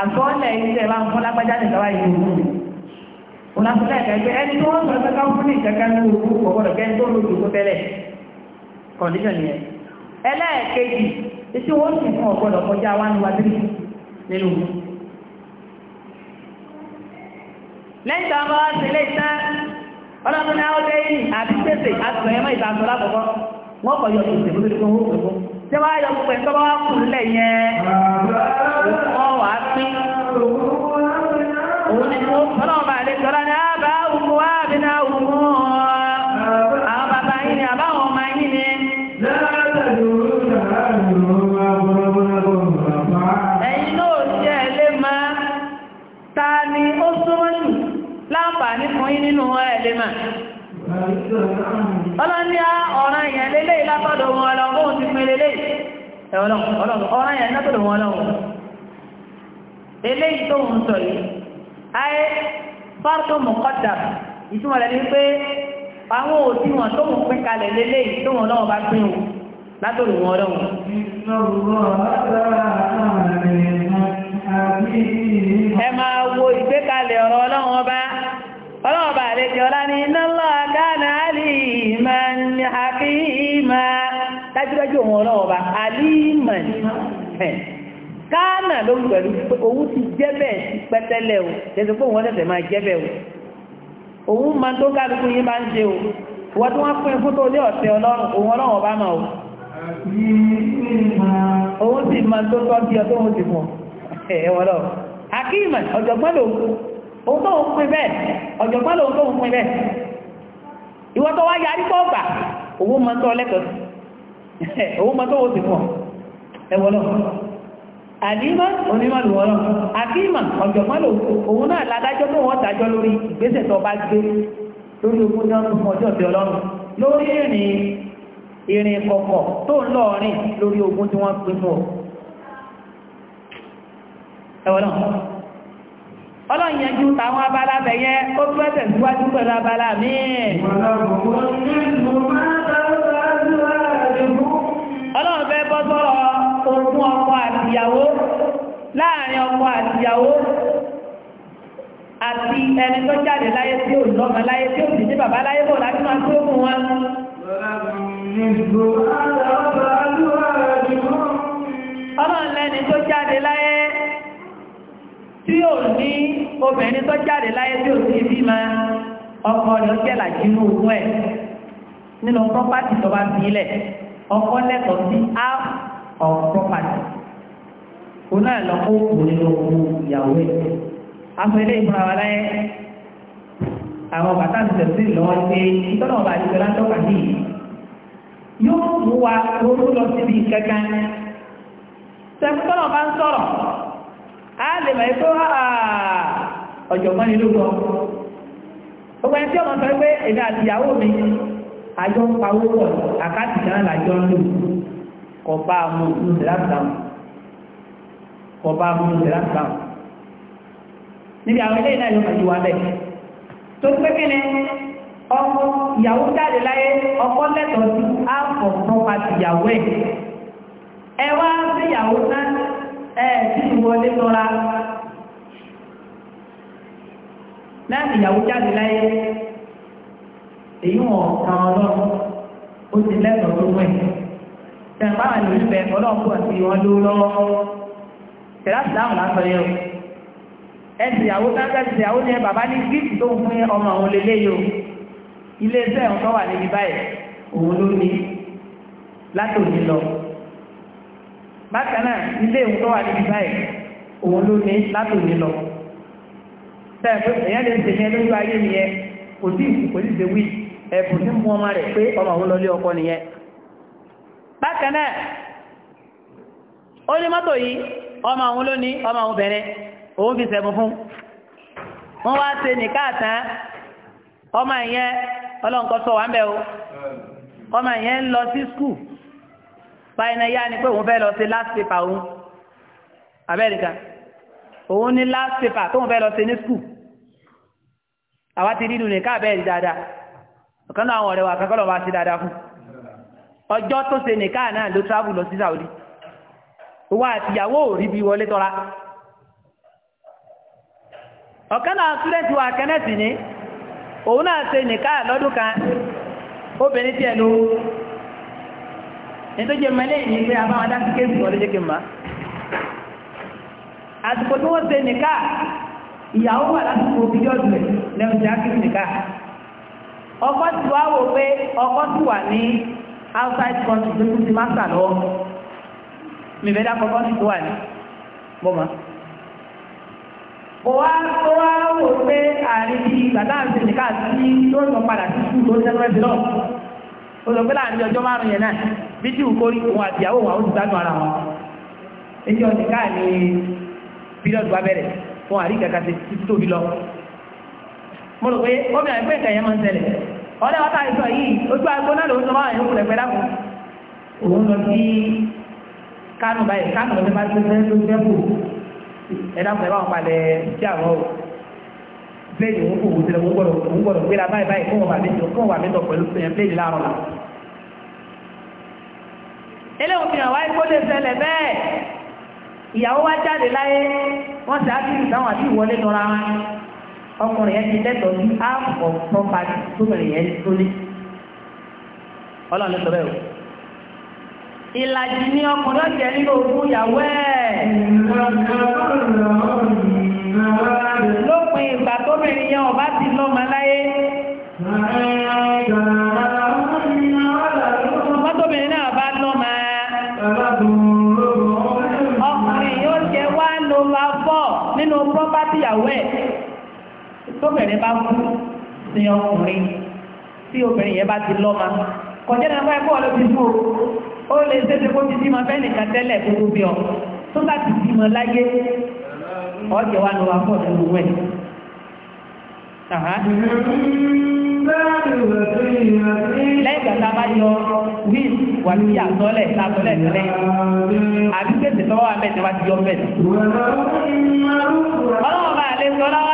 àtọ́lẹ̀ iṣẹ́ bá ń fún lágbájá nìkan wáyé òun òun àtúnlẹ̀ ẹ̀kẹ́ ẹni tó wọ́n sọ pé káwọn fún ìkẹ́kẹ́ ní òkú ọ̀gbọ́dọ̀ kẹ́ tó lójú kó tẹ́lẹ̀ condition yẹn ẹlẹ́ẹ̀kejì tí wọ́n sì fún ọ̀gbọ́dọ̀ kọjá wá ní wájú nínú lẹ́yìn tó àwọn ọ̀sẹ̀lẹ̀ ìtàn ọlọ́run náà ó lé yìí àti pèsè àtùkọ̀ ẹ̀mọ́ ìtàkùn lákọ̀ọ́kọ́ wọ́n kọ̀ yọ ìṣèlú tó ti kọ́ wọ́n kọ̀ tí wọ́n á yọ pẹ̀lú tó bá wà kù nílẹ̀ yẹn pín. Òun ni tó fọ́lọ́wọ́ bá lè tọ́lá ní àbá òkú wá bí náà òkú àwọn bàbá yìí ni àbáwọn ọmọ yìí ni. Ẹ̀yin ọ̀ràn ìyẹn lélẹ́yìn látọ̀dọ̀ wọn lọ, ti pin lélẹ́yìn. Ẹ̀wọ̀n ọ̀ràn ìyẹn látọ̀dọ̀ wọn lọ́wọ́ eléyìí tó ń sọ yìí ayé fárúkọ mọ̀kọ́dà ìtumọ̀ rẹ̀ ni pé àwọn òdiwọ̀n tó ń pín kalẹ̀ lélẹ́yìí tó wọn lọ́wọ́ bá pín o látòrò wọn lọ́wọ́. ẹ máa wo ìgbékalẹ̀ ọ̀rọ̀ ọlọ́wọ́n bá ọlọ́wọ́n bá lè ọlá ní iná lọ́wọ́ gánà àlìmá ní àkíyìmá dájúdájú òun ọlọ́wọ́ bá àlìmá náà ló ń pẹ̀lú òun ti jẹ́ bẹ́ẹ̀ sí pẹ́tẹ́lẹ̀ o lẹ́sìn pé òun ọ̀dẹ̀dẹ̀ máa jẹ́ bẹ́ẹ̀ o òun máa tó kálukú yín máa ń ṣe o wọ́n tí wọ́n pín fún tó lé ọ̀tẹ̀ ọlọ́run òun ọlọ́run ọba náà o àdìmọ́ onímọ̀ lù wọ́n náà àkíìmọ̀ ọ̀jọ̀gbọ́n lò òun náà ládájọ́ tó wọ́n dájọ́ lórí ìgbésẹ̀ tó bá gbé lórí ogún náà fún ọjọ́ ìbí ọlọ́run lórí ìrìn ìrìn kọ̀kọ̀ tó ń lọ́ọ̀rìn lórí ogún tí wọ́n pín fún ọ ẹ̀wọ̀n náà ọlọ́run yanjú táwọn abala bẹ̀yẹ ó fẹ́ tẹ̀síwájú pẹ̀lú abala míì ọlọ́run fẹ́ bọ́ sọ́rọ̀ ogún ọkọ àtìyàwó láàrin ọkọ àtìyàwó àti ẹni tó jáde láyé tí ò lọ́mọ láyé tí ò sì ní bàbá láyé bò láti máa tó mú wọn. ọlọ́run lẹ́ni tó jáde láyé tí ò ní obìnrin tó jáde láyé tí ò sí bímọ ọkọ rẹ̀ ó jẹ́ làjí ní ogún ẹ̀ nínú pọ́pátì tó bá fi ilẹ̀ ọkọ lẹ́tọ̀ọ́ sí áàpù of property òun náà lọ kó òun lọ kó ìyàwó ẹ̀ afẹ́lẹ́ ìfúnra wa láyé àwọn bàtà tẹ̀sẹ̀ sí lọ́wọ́ ṣe ìtọ́nà ọba àti ìṣẹ̀lá tọ́ka sí yóò mú wa ronú lọ síbi kankan sẹ́kútọ́nà bá ń sọ̀rọ̀ á lè mọ̀ ẹ́ tó ọ̀jọ̀gbọ́n ni ló gbọ́ gbogbo ẹni tí ọmọ sọ pé èmi àti ìyàwó mi àjọ ń pawó pọ̀ àkáàtì náà làjọ ń lò kọba mu nùsìlámù kọba mu nùsìlámù níbi àwọn ilé ìnáyọ pẹ̀lú wa bẹ́ẹ̀ tó pé kí ni ọkọ ìyàwó jáde láyé ọkọ lẹ́tọ̀ọ́ sí àpọ̀ property ìyàwó ẹ̀ ẹ wá sí ìyàwó náà ẹ tí ìwọlé tọ́ra láti ìyàwó jáde láyé èyí wọn kan ọlọ́run ó ti lẹ́tọ̀ọ́ tó mú ẹ̀ tẹ̀pá wà lórí bẹ ọlọ́pù àti wọn ló lọ́wọ́ tẹ̀láṣìláàmù lásọ yẹ o ẹ tìyàwó táńkà tìyàwó ní ẹ bàbá ní gíìtì tó ń fún ọmọ àwọn lélẹ́ yìí o ilé iṣẹ́ ẹ̀hún tó wà níbi báyìí òun ló ní látòní lọ bákan náà ilé ìhún tó wà níbi báyìí òun ló ní látòní lọ tẹ̀pẹ́ èèyàn lè ṣe ní ẹlójú ayé nìyẹn kò sí ìsìnkò sí ìsèwí ẹ̀bùn ní pé ọmọ òun lọ lé ọkọ nìyẹn bákan náà ó ní mọ́tò yìí ọmọ òun ló ní ọmọ òun bẹ̀rẹ̀ òun fi sẹ̀bùn fún wọ́n wá ṣe nìka àtàn ọmọ ìyẹn ọlọ́nkọ́ sọ wà ń bẹ̀ o ọmọ ìyẹn ń lọ sí skul báyìí ya ni pé òun fẹ́ lọ sí last paper òun Amẹ́ríkà òun ní last paper tóun fẹ́ lọ sí ní skul àwa ti rí nù nìka àbẹ́ẹ̀rí dáadáa ọ̀kan náà àwọn ọ̀rẹ́ wa kankan lọ́wọ́ sí dáadáa fún ọjọ́ tó ṣe nìká náà ló travel lọ sí Saudi owó àtìyàwó ò rí bí wọlé tọ́ra ọ̀kan náà túrẹ́tì wa kẹ́nẹ́tì ní òun náà ṣe nìká lọ́dún kan obìnrin tiẹ̀ ló nítorí mẹ́lẹ́ yìí pé abáwọn dá sí kéèkì wọlé jẹ́ kí n máa wọ́n ṣe nìka ìyàwó wà lásìkò bílíọ̀dù tí wà ní outside country tó kú sí master lọ́wọ́ mi fẹ́ dákọ̀ country tó wà ní bọ́mà kò wá tó wá wò pé àárín bí bàtà àti ìdíkà sí tó ń lọ padà sí kú tó ń tẹ́lẹ̀ sí náà ó lọ pé láàrin ọjọ́ márùn-ún yẹn náà bí tí òkó rí òun àti ìyàwó wọn ó ti gbádùn ara wọn èyí ọ̀dìká ní píríọ̀dù bá bẹ̀rẹ̀ fún àríkàkà ti tóbi lọ mo rò pé ó bẹ̀rẹ̀ pé ìkàyẹ̀ máa ń ṣẹlẹ̀ ọ̀rẹ́ wọ́n tàbí sọ yìí ojú agbó náà ló ń sọmọ́ àwọn ìhùn lẹ́pẹ́ dákùn òun lọ sí kánù báyìí kánù lọ́dẹ́ bá tó fẹ́ tó fẹ́ kù ẹ̀dàkùn ẹ̀bá wọn palẹ̀ sí àwọn o pléèdì òun kò wùsílẹ̀ òun gbọ́dọ̀ òun gbọ́dọ̀ gbéra báyìí báyìí fún ọba mẹ́tọ̀ fún ọba mẹ́tọ̀ pẹ̀lú eh, pléèdì láàrọ̀ la. eléwọ̀n fi hàn wáyé kó lè ṣẹlẹ̀ bẹ́ẹ̀ ìyàwó wá jáde láyé wọ́n ti á ọkùnrin yẹn ti lẹ́tọ̀ọ́ sí àpọ̀ property tóbìnrin yẹn tó ní ọlọ́run sọ̀rọ̀ ẹ̀ ìlàjì ni ọkùnrin ọ̀jẹ̀ nínú ogún ìyàwó ẹ̀ lópin ìgbà tóbìnrin yẹn ọba ti lọ́mọ láyé mọ́tóbìnrin náà bá lọ́mọ ọkùnrin yóò jẹ́ wá lọ́mọ fọ́ nínú property ìyàwó ẹ̀ tóbìnrin bá kú sí ọkùnrin tí obìnrin yẹn bá ti lọ́mà kọjá náà fẹ́ bọ́ọ̀lù ti fò ó lè ṣẹ́ṣẹ́ kó ti dímọ fẹ́ nìkan tẹ́lẹ̀ gbogbo bí ọ tó bá ti dímọ láyé ọjọ́ wa ló wà pọ̀ nínú wẹ̀ lẹ́yìn ìgbàta bá yọ wíì wà sí àtọ́lẹ̀ látọ́lẹ̀ tẹ́lẹ̀ àbí tètè tọ́wọ́ àmẹ́tẹ́wà ti yọ bẹ́ẹ̀. ọlọ́wọ́ bá lè sọ láwá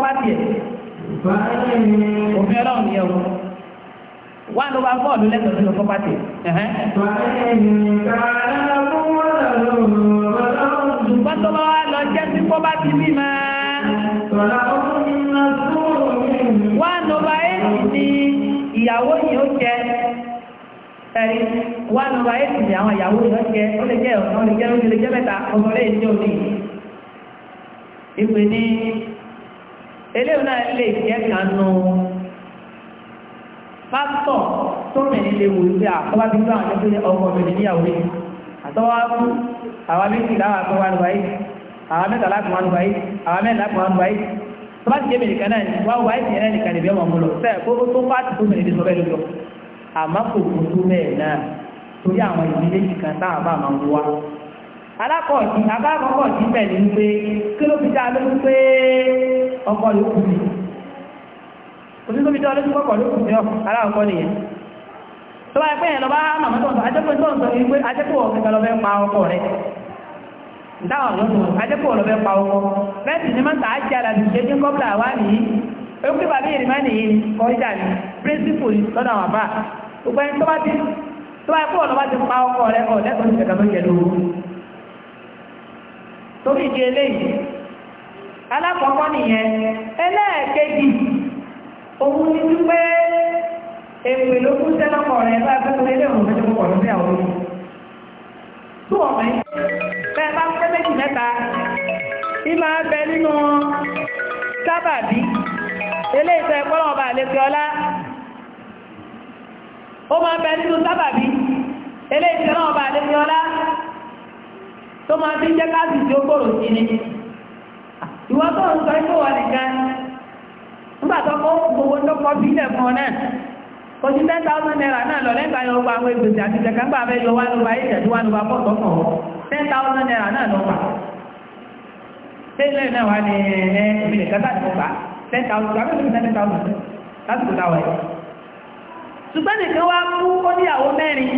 òfin ọlọ́run ni ẹ̀wọ̀n wà ló bá fọ́ọ̀lù lẹ́tọ̀ọ́ sínú pọ́pátì. ṣùgbọ́n tó bá wá lọ jẹ́ sí pọ́pátì bí máa. wà ló bá èsì ni ìyàwó yìí ó jẹ ẹ̀rí wà ló bá èsì ni àwọn ìyàwó yìí ó jẹ ó lè jẹ́ ọ̀nà ó lè jẹ́ mẹ́ta ọmọ rẹ̀ ní òní. ìpè ní eléyìí náà lè jẹ́ kánú pásítọ̀ tó mẹ́rin lè wò sí àkọ́bá bí bá àwọn ẹgbẹ́ ọkọ̀ mẹ́rin níyàwó yìí àtọ́wá kú àwọn méjì láwọn àtọ́wá lùwà yìí àwọn mẹ́ta láti wọn lùwà yìí àwọn mẹ́ta láti wọn lùwà yìí tó bá ti jẹ́ mẹ́rin kanáà ní wá wáyé ti yẹn nìkan níbi ọmọ mọ́lọ fẹ́ kó tó bá ti tó mẹ́rin sọ bẹ́ẹ̀ alákọ̀ọ̀dì abákọ̀ọ̀dì pẹ̀lú pé kí ló fi dá lójú pé ọkọ̀ ló kù sí òsì tó fi dá lójú pọ̀kọ̀ ló kù sí alákọ̀ọ́ nìyẹn tó bá pẹ́ ẹ̀lọ́bá màmá tó ń ọkọ rẹ̀ dáwọn lọ́nà ajẹ́pẹ́ ọ̀lọ́ fẹ́ pa ọkọ bẹ́ẹ̀sì ni máa ń tàá jẹ́ gbogbo ẹni tó bá ti torí ìdí eléyìí alákọ̀ọ́kọ́ nìyẹn ẹlẹ́ẹ̀kejì òun ni wípé èpè ló kú sẹ́lọ́kọ̀ rẹ̀ bá gbẹ́gbẹ́ lé òun fẹ́ kọ̀ọ̀lù sí àwọn olùkọ́ tó ọ̀mọ́ yìí bẹ́ẹ̀ bá pẹ́ méjì mẹ́ta ní máa bẹ nínú sábàbí eléyìí tó ẹ̀kọ́ lọ́wọ́ bá ọlá ó máa bẹ nínú sábàbí eléyìí tó ẹ̀kọ́ lọ́wọ́ ọlá tó máa fi jẹ́ káàsì tí ó gbòòrò sí ni ìwọ tó ń sọ ikú wa nìkan nígbà tó kó gbogbo tó kọ bí ilẹ̀ fún ọ náà kò sí ten thousand naira náà lọ lẹ́gbàá yọ gba àwọn ìgbésẹ̀ àti ìjẹ̀ká gbà bẹ́ẹ̀ yọ wá ló ba ìjẹ̀dú wá ló ba pọ̀ tó kàn ọ́ ten thousand naira náà lọ gbà tẹ́lẹ̀ náà wà ní ẹ̀ ẹ̀mí nìkan sáà ti gbà ten thousand gbà ló ten ṣùgbọ́n nìkan wá mú ó níyàwó mẹ́rin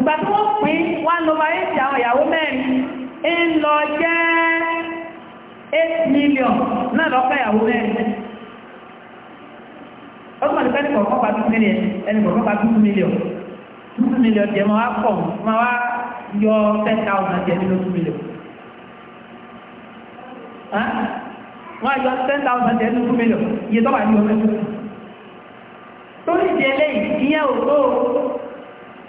ìgbà tí wọ́n pín one over eight àwọn ìyàwó mẹ́rin ń lọ jẹ́ eight million náà lọ́pẹ́ ìyàwó mẹ́rin ó túnmọ̀ sí pẹ́ẹ́nì kọ̀ọ̀kan pa million ẹni kọ̀ọ̀kan pa two million two million jẹ́ ten thousand jẹ́ two million wọ́n yọ ten thousand jẹ́ nínú two million iye tó wà ní ọmọ ẹ̀kọ́ torí ìdí eléyìí ìyẹn ò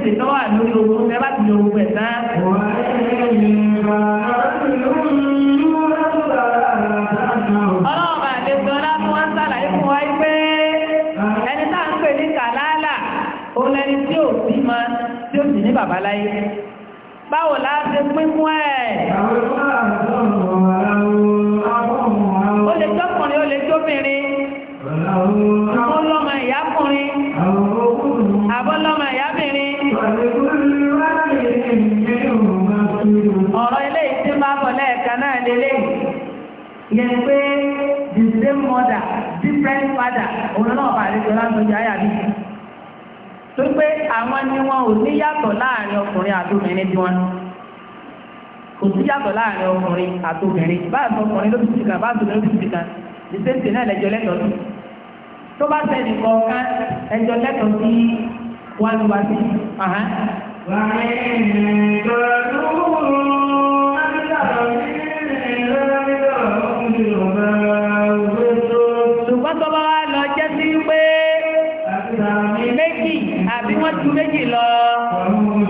gbèsè tó wà lórí ogun ẹ bá ti lo ogun ẹ̀ tán. ọlọ́ọ̀bà àdéjọ láti wọ́n sàlàyé fún wa pé ẹni tá ń pè ní kàlálà ó lẹni tí ò bí ma tí ó sì ní bàbá láyé báwo láti pín fún ẹ̀. ó lè jọ́kùnrin ó lè jóbìnrin. yẹn pé the same mother different father òun náà bá àlejò látọjú àyà mi tó pé àwọn ni wọn ò ní yàtọ̀ láàrin ọkùnrin àti obìnrin bí wọn kò sí yàtọ̀ láàrin ọkùnrin àti obìnrin báà tó ọkùnrin ló fi ti kàn báà tó obìnrin ló fi the same thing náà lẹ́jọ́ lẹ́tọ̀ọ́ sí tó bá sẹ́ni kọ̀ọ̀kan ẹjọ́ lẹ́tọ̀ọ́ sí wọ́n lu wá sí i. wàá ní ìrìn àjò lóhùn-ún láti ṣàlọ́ sí ṣùgbọ́n tó bá wá lọ jẹ́ sí pé méjì àbí wọ́n ju méjì lọ. wọ́n máa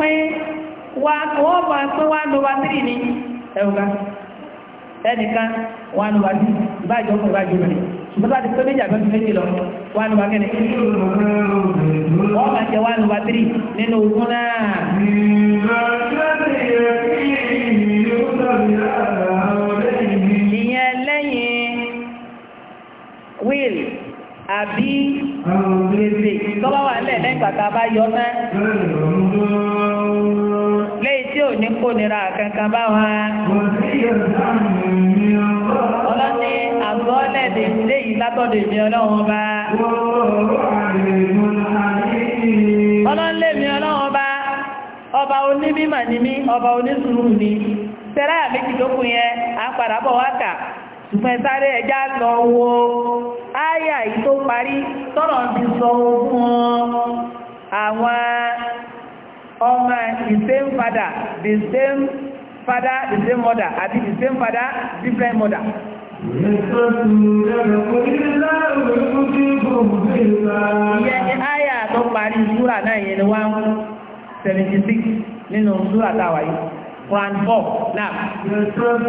pín wá lọ́wọ́ tírì ní ẹ̀wùká ẹnìkan wà ní wà ìbájọ́ ọkùnrin ìbájọ́ rẹ̀ ṣùgbọ́n láti pé méjì àbẹ́jú méjì lọ wà ní wà wọ́n máa jẹ wà ní wà nínú ogun náà àbí gbèsè tọ́wọ́ wà lẹ̀ lẹ́yìn pàtà bá yọ náà léyìí tí ò ní kó nira kankan bá wa ọlọ́ni àbọ́lẹ̀ lè léyìí látọ̀dọ̀ èmi ọlọ́run bá ọlọ́nlé ọlọ́run bá ọba onímímà ọba tẹ́lá àmì ṣùgbọ́n ìsáré ẹjá lọ wo áyà yìí tó parí tọ́rọ̀ ti sọ fún àwọn ọmọ the same father the same father the same mother àti the same father different mother. Ìyẹn áyà tó parí súrà náà yẹn ni 176 nínú súrà táwà yìí one four now. ọlọ́run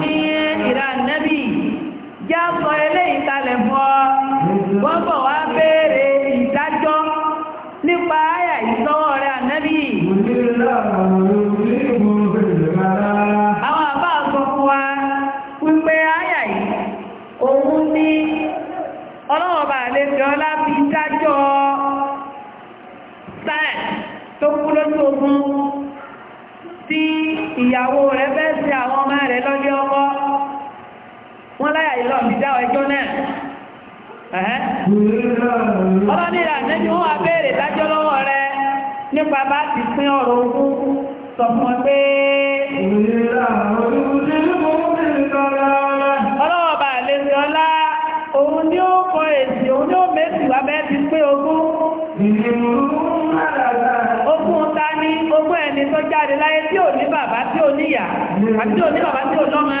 ní ìrà nẹ́bì já sọ eléyìí kalẹ̀ fún ọ wọ́n bọ̀ wá béèrè ìdájọ́ nípa àyà ìsọwọ́ rẹ̀ ànẹ́bì. ìyàwó rẹ̀ fẹ́ sí àwọn ọmọ rẹ̀ lọ́jọ́ ọkọ́ wọ́n láyà ìlọ ìdá ẹjọ́ náà ọba ní ìlànà tí wọ́n wá béèrè dájọ́ lọ́wọ́ rẹ̀ nípa bá ti pín ọ̀rọ̀ ogún sọ fún ọ pé ọlọ́wọ́ bá lè sí ọlá òun ni ó kọ èsì òun ni ó mẹ́sì wá bẹ́ẹ̀ ti pín ogún tó jáde láyé tí ò ní bàbá tí ò níyà àti tí ò ní bàbá tí ò lọ́mọ.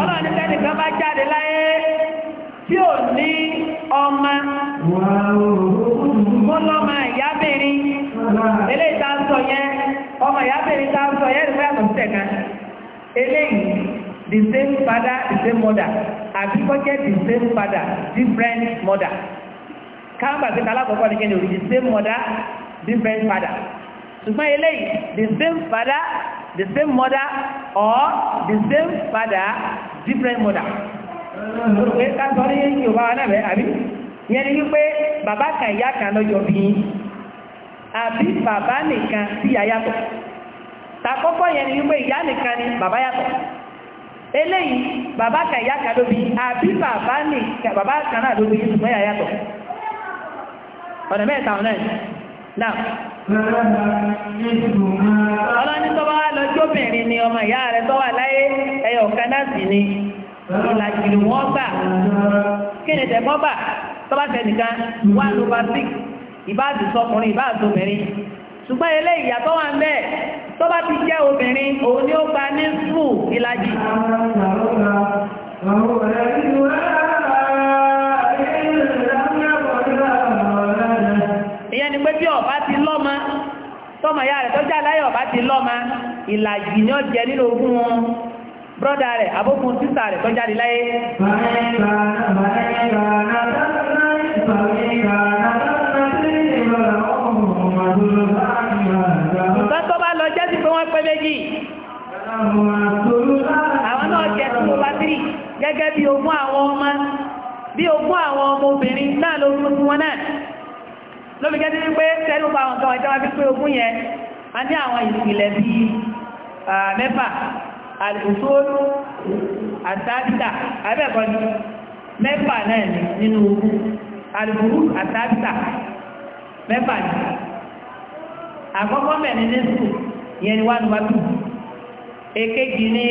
ọlọ́run ní sẹ́ni kan bá jáde láyé tí ò ní ọmọ mo lọ́mọ ìyábìnrin eléyìí tá a sọ yẹn ọmọ ìyábìnrin tá a sọ yẹn ìfẹ́ àtọ̀ sílẹ̀ kan eléyìí the same father the same mother forget the same father different mother káàmbà sí alákọ̀ọ́kọ́ ní kíni the same mother different father ṣùgbọ́n eléyìí the same father the same mother or the same father different mother olùgbé kásọ̀ ní yorùbá wa náà bẹ́ àbí yẹn ni wípé bàbá kan ìyá kan lọ́jọ́ bí i àbí bàbá nìkan sí ìyá yàtọ̀ tàkọ́kọ́ yẹn ni wípé ìyá nìkan ni bàbá yàtọ̀ eléyìí bàbá kan ìyá kan ló bí i àbí bàbá kan náà ló bí ìyá yàtọ̀ ọ̀nà mẹ́ta ọ̀nà náà ọlọ́ni tó bá lọ ni ọmọ ìyá rẹ̀ tó láyé ẹyọ kanáàsì ni ìlàjì ni wọ́n gbà kí ni tẹ̀gbọ́n bà tó bá tẹ̀ nìkan wà ló bá sí ìbáàdì sọkùnrin ìbáàdì obìnrin ṣùgbọ́n ilé ìyàtọ̀ wà ń bẹ tó bá ti jẹ́ obìnrin òun ni ó gba ní sùn ìlàjì. ni pé bí ọba ti lọ́mọ tọ́mọ ya rẹ̀ tó já láyé ọba ti lọ́mọ ìlàjì ni ó nínú ogún wọn brọ́dà rẹ̀ abókun sísà rẹ̀ tó jáde láyé gẹ́gẹ́ bí ogún àwọn ọmọ bí ogún àwọn ọmọ obìnrin náà lórúkú wọn náà lóbi jẹ́ tí pé tẹ́lú pa àwọn nǹkan ìjọba fi pé ogún yẹn a ní àwọn ìpìlẹ̀ bí mẹ́fà àlùsóòlù àtàbíta abẹ́ẹ̀kọ́ ni mẹ́fà náà nínú ogún àlùsóòlù àtàbíta mẹ́fà ni àkọ́kọ́ mẹ́rin ní sùn yẹn ni wà tù èkejì ní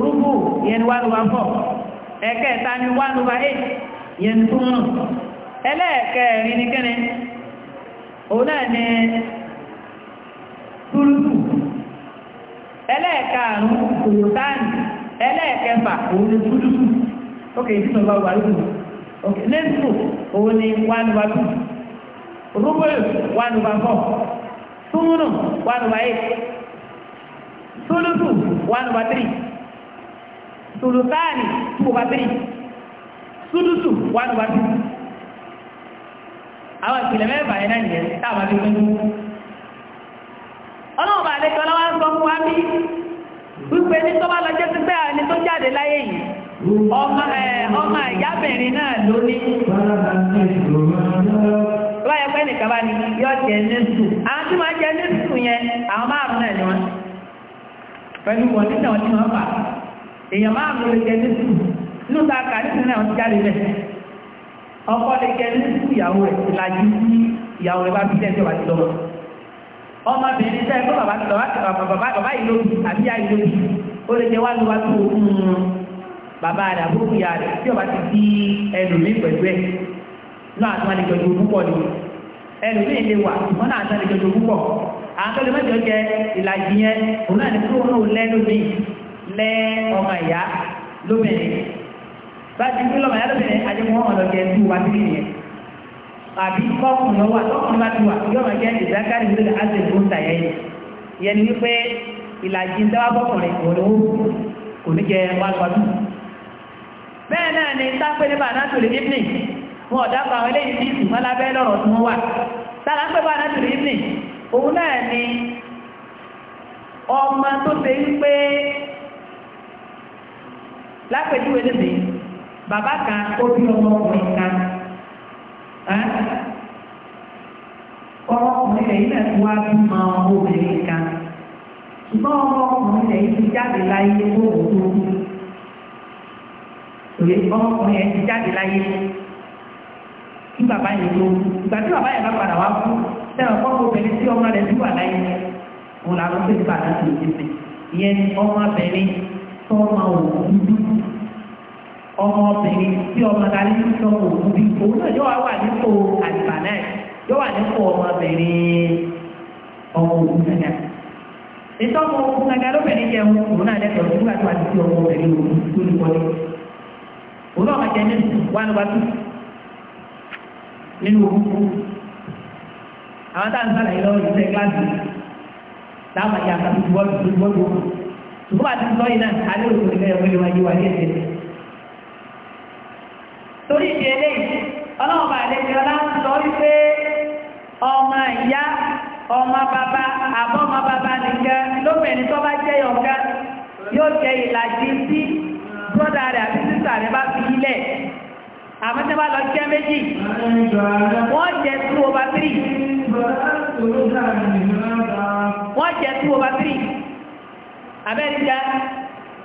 rúbù yẹn ni wà fọ́ ẹ̀kẹta ni wà ní wà eight tó mọ̀ ẹlẹ́ẹ̀kẹrin ní kẹ́rin òun náà ni túrútù ẹlẹ́ẹ̀kaàrún kòyòtáàni ẹlẹ́ẹ̀kẹfà òun ni túrútù ókè ìsìnà wà wàlúù ókè lẹ́sùn òun ni wánu wàlúù rúgbòlù wánu wàfọ́ túnrùn wánu wáyé túrútù wánu wàtírì tùrùtáàni tùwàtírì túrútù wánu wàtírì àwọn ìpìlẹ̀ mẹ́fà yẹn náà nìyẹn táàmà fi pín ọlọ́run bá lẹ́kọ́ lọ́wọ́ ń sọ fún wa bí wípé ní tó bá lọ jẹ́ pípẹ́ ẹni tó jáde láyé yìí ọmọ ìyábìnrin náà ló ní tó bá yẹ pé nìkan bá ní yọ jẹ nẹ́sù àwọn tí wọ́n náà ni wọ́n pẹ̀lú wọn nígbà wọn tí wọ́n fà èèyàn márùn ló jẹ nẹ́sù nínú ta kà nígbà wọn ti jáde lẹ́sù ọkọ lè jẹ ní ìyàwó rẹ̀ ìlàjì ìyàwó rẹ̀ bá fi tẹ́ ìjọba ti lọ́wọ́ ọmọbìnrin tẹ́ ẹgbẹ́ bàbá ti bàbá ìlóbi àbí àìlóbi ó lè jẹ wá ló wá tó hmm, bàbá rẹ̀ ìyá rẹ̀ tí ọba ti fi pẹ̀lú ẹ̀ náà wọn lè jọjọ púpọ̀ ni lè wà wọn náà lè jọjọ púpọ̀ lè mọ́jọ jẹ ìlàjì yẹn òun náà ní láti ní lọ́mọ yàtọ̀ bẹ̀rẹ̀ ajẹ́mọ́ ọ̀lọ́jẹ́ tó wà sí ìyẹn àbí kọ́kùn lọ́wọ́ àtọ́kùn bá ti wà yóò máa jẹ́ ìdákàrí lórí àti ìgbóǹta yẹn yẹn ni wípé ìlàjì ń dáwà bọ́kùnrin òun kò ní jẹ wájú bẹ́ẹ̀ náà ni tápẹ́ nípa anátòlè ìbìnì wọn ọ̀dá pa àwọn eléyìí sí ìsùnmọ́ lábẹ́ lọ́rọ̀ tí wọ́n wà tára ń pẹ́pẹ́ anátòlè ìbìnì òun náà ni ọmọ tó ṣe ń pé lápẹ́júwe bàbá kan ó bí ọmọkùnrin kan ọmọkùnrin lẹ́yìn náà ti wá bí ma obìnrin kan ṣùgbọ́n ọmọkùnrin lẹ́yìn ti jáde láyé lóòrùn tó kú òye ọmọkùnrin yẹn ti jáde láyé kí bàbá yẹn tó kú ìgbà tí bàbá yẹn bá padà wá kú sẹ́wọ̀n kọ́ obìnrin tí ọmọ rẹ̀ ti wà láyé òun làwọn tó ti bàtà tó ti sè ìyẹn ọmọbìnrin tó ọmọ òun dúdú ọmọbìnrin tí ọmọ darí ń sọ òun bí òun náà yóò wá wà nípò àgbà náà yóò wà nípò ọmọbìnrin ọmọ òun gàgà ètò ọmọ òun gàgà lóbìnrin jẹ òun òun náà lẹ́tọ̀ọ́ nígbà tó wà ní sí ọmọbìnrin òun tó ní wọlé òun náà jẹ nínú wánúwátú nínú òkú àwọn táwọn sálàyé lọ́wọ́ ìṣẹ́ gíláàsì láwọn àyà àti bọ́ọ̀lù bọ́ọ̀lù ṣùgbọ́n torí ìdí eléyìí ọlọ́run bá lè jọ láti sọ wípé ọmọ ìyá ọmọ bàbá àbọ̀ ọmọ bàbá nìkan lóbìnrin tó bá jẹ́ yọ̀ǹga yóò jẹ́ ìlàjì tí bọ́dà rẹ̀ àti sísà rẹ̀ bá fi ilẹ̀ àmọ́ tí wọ́n lọ jẹ́ méjì wọ́n jẹ́ two over three wọ́n jẹ́ two over three abẹ́rẹ́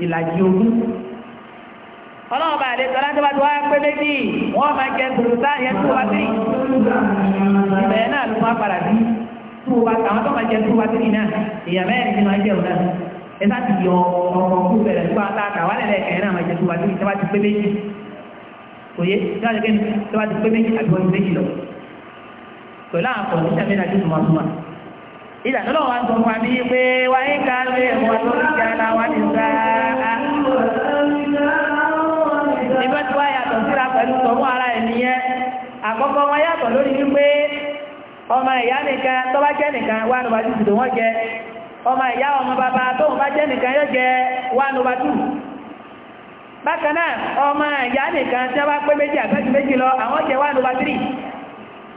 ìlàjì ogún ọlọ́run bá àlejò aláǹdọ́bà tó wá pé méjì wọ́n máa jẹ tòlù sáàyẹ tó wá sí ìbẹ̀rẹ̀ náà ló máa padà bí tó wá àwọn tó máa jẹ tó wá sí náà èèyàn mẹ́rin ti máa jẹun náà ẹ sá ti yọ ọmọ kú bẹ̀rẹ̀ tó wá tá a kà wálẹ̀ lẹ́ẹ̀kẹ́ náà máa jẹ tó wá sí tó bá ti pé méjì òye tó wá ti pé méjì àti wọ́n ti méjì lọ pẹ̀lú àwọn ìdàtọ́lọ́ wa sọ fún mi pé wáyé ká lè wọ́n lórí ìjà ara wa ní sáà. ìbẹ́ tí wá yàtọ̀ síra pẹ̀lú tọ́mú ara ẹ̀ nìyẹn àkọ́kọ́ wọn yàtọ̀ lórí wípé ọmọ ìyá nìkan tó bá jẹ́ nìkan wà ní wájú ìdò wọn jẹ ọmọ ìyá ọmọ bàbá tó bá jẹ́ nìkan yóò jẹ wà ní wájú bákan náà ọmọ ìyá nìkan tí wọ́n bá pé méjì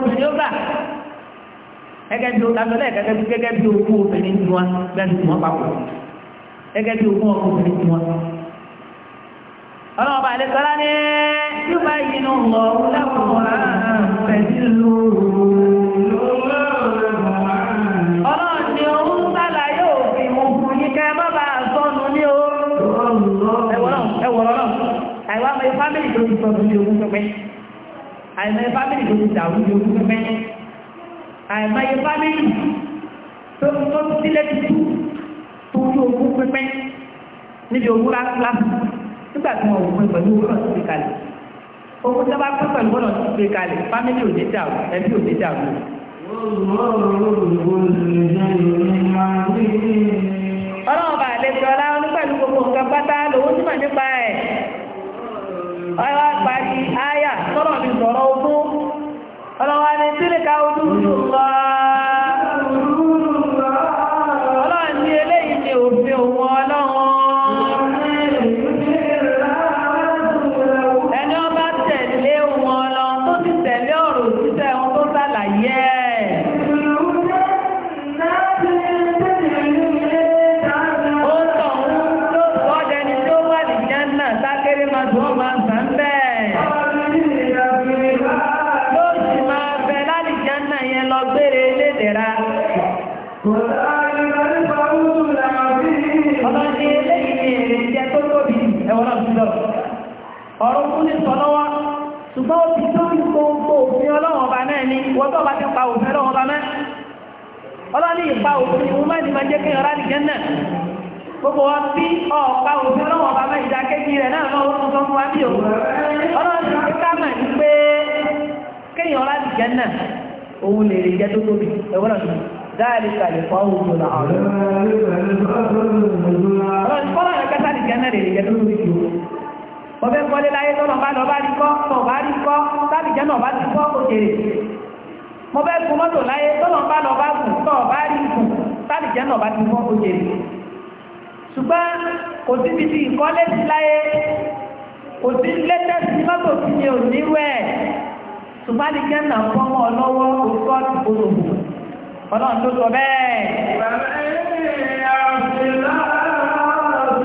obìnrin ó gbà gẹ́gẹ́ bí abẹ́lẹ́ gẹ́gẹ́ bí gẹ́gẹ́ bí ogún obìnrin ni wọn gbẹ́ni tí wọ́n papọ̀ gẹ́gẹ́ bí ogún obìnrin ni wọn. ọlọ́ọ̀bà àlekọ́lá ní yóò yìí nù lọ láwùjọ pẹ̀lú lóru. ọlọ́ọ̀ni òun sálà yóò fi mú fún yín kẹ́ má bàa sọnù ní o. ẹ̀wọ̀n náà ẹ̀wọ̀n náà àìwá mi fámìlì tó ti sọ̀rọ̀ ní ogún pẹ́pẹ́ àìmọye fámìlì tó ti dàrú ní ojú pẹ́pẹ́ àìmọye fámìlì tó tó sílẹ̀ ti tú tó tó ojú pẹ́pẹ́ níbi owó láti nígbà tí wọn ò pín pẹ̀lú owó náà ti fi kalẹ̀ owó tó bá pín pẹ̀lú owó náà ti fi kalẹ̀ fámìlì ò ní dàrú ẹbí ò ní dàrú. ọlọ́run bá lè sọ ọlá onípẹ̀lú gbogbo nǹkan pátá lòun ti mọ̀ nípa ẹ̀ ọ̀rọ̀ parí ayà tọ́lọ̀ mi sọ̀rọ̀ ogún ọlọ́wà ní tíríkà ojú lọ́wọ́ ọlọ́wà ní eléyìí ni òfin òun ọlá ọlọ́ni ìpa òfin ìwọ̀n máa ti máa jẹ́ kí ọ̀rá nìkan náà gbogbo wa bí ọ̀pá òfin ọlọ́wọ̀n bá máa ìdákejì rẹ̀ náà lọ́wọ́ tó sọ fún wa bí òun ọlọ́ni ti ká mà ní pé kéèyàn ọ̀rá nìkan náà òun lè rí jẹ́ tó tóbi ẹ̀wọ́n náà dáàrí kalẹ̀ fún àwọn òjò náà ọ̀rọ̀ ìfọ́nà ẹ̀ka sáàrì jẹ́ náà lè rí jẹ́ tó tóbi jù wọ́n fẹ́ kọ́lé láyé tọ́nà bá lọ bá rí kọ́ tọ̀ bá rí kọ́ sáàrì náà bá ti kọ́ òkèrè mo fẹ́ gun mọ́tò láyé tọ́lọ̀ bá lọ bá gùn tọ́ bá rí gùn sáàlì jẹ́ náà bá ti fọ́ oye rí ṣùgbọ́n kò sí ti fi nǹkan láyé kò sí létẹ́ sí tí mi ò ní wẹ̀ ṣùgbọ́n àlì jẹ́ náà fọ́ mọ́ ọ lọ́wọ́ òkú ọ̀tún olóògùn ọlọ́run ló sọ bẹ́ẹ̀.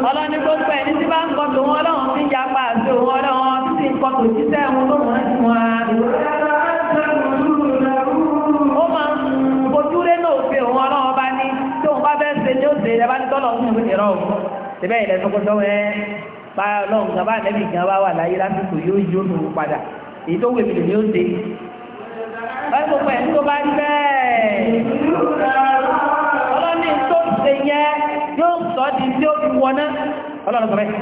ọlọ́run ní gbogbo ẹni tí bá ń kọ́ tòun ọlọ́run fi ń yapa àti òun ọlọ́run títí ń kọ́ tòun jíṣẹ́ òun tó mọ̀ ẹ́ sí wọn. ṣe ẹbá ní tọ́lọ̀ fún ìwé rọ òun síbẹ̀ ilẹ̀ tó ẹ bá ọlọ́run kan bá nẹ́bì kan bá wà láyé lásìkò yóò yí òun padà èyí tó wèmí lèmi ó ṣe báyìí gbogbo ẹ̀ tó bá rí bẹ́ẹ̀ ọlọ́ni tó ṣe yẹ yóò sọ di tí ó fi wọná ọlọ́run sọ bẹ́ẹ̀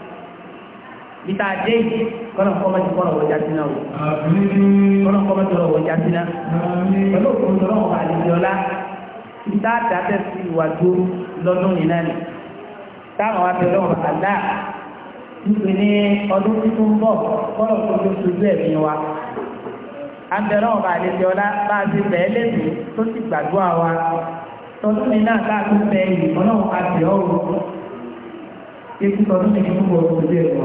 níta dé kọ́nà kọ́ mẹ́tì kọ́nà wọ̀ jásínà o kọ́nà kọ́ mẹ́tì kọ́nà wọ̀ jásínà pẹ̀lú òkun tọ́lọ́ wọ̀ àdìsíọ́lá níta dàtẹ́ sí ìwà tó lọ́dún nínú ẹ̀ táwọn wa bẹ̀rẹ̀ wọn àlá nípe ní ọdún títún ń bọ̀ kọ́nà tó tó sojú ẹ̀mí wa a bẹ̀rẹ̀ wọn àdìsíọ́lá bá a ti bẹ̀ẹ́ lẹ́sìn tó sì gbàdúrà wa tọdún nínú àtàkùn bẹ́ẹ̀ yìí ọlọ́run ikú tọdún ní ìlú wọ oṣù díẹ̀ kan.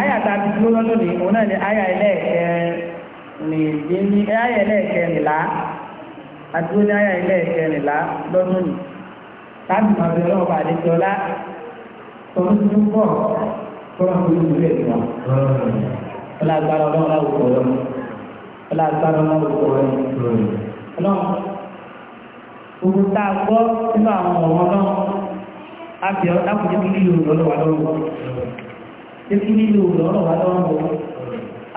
Ayà ta ti dúró lọ́dún ní òun náà ni ayà ẹlẹ́ẹ̀kẹrìnlá àti ó ní ayà ẹlẹ́ẹ̀kẹrìnlá lọ́dún ní. Láti máa bẹ̀rẹ̀ ọba àdéjọ lá tọdún tó pọ̀ tọ́lá tó ní ìlú ẹ̀dùn wa. Ọlá agbára ọlọ́run láwùjọ ọlọ́run. Ọlá agbára ọlọ́run láwùjọ ọlọ́run. Ọlọ́run gbogbo tá a gbọ́ nínú àti ọ̀dákùnjẹ́ kí lílò lọ́rọ̀ wà lọ́rọ̀ jẹ́ kí lílò lọ́rọ̀ wà lọ́rọ̀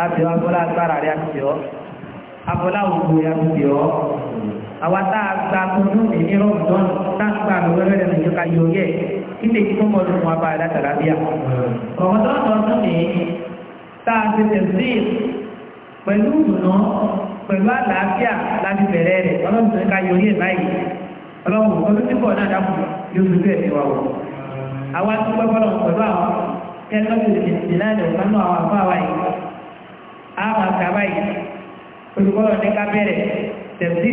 àti ọgbọ́lá agbára rẹ̀ àti ọ́ abọ́lá ògbò rẹ̀ àti ọ́ àwọn táàgbà tuntun ní ìrọ̀dán táàgbà lọ́wọ́rẹ́ rẹ̀ nìjọ ka yọ yẹ kí lè kí kọ́mọ ọdún wọn bá ẹ̀ látara bíà ọ̀dọ́ ọdún ní táàgbà tẹ̀sí pẹ̀lú ìdùnnà pẹ̀lú àlàáfíà láti bẹ̀rẹ̀ rẹ̀ ọlọ́dún ká yọ yẹ báyìí ọlọ́run ọdún tí bọ̀ náà dákùn yóò fi bẹ́ẹ̀ tiwa wọ̀. àwa tó gbẹ́ fọlọ́ pẹ̀lú àwọn kẹ́lọ́ tó lè ti náà lè wọ́n a máa ka báyìí olùkọ́lọ̀ ní bẹ̀rẹ̀ tẹ̀sí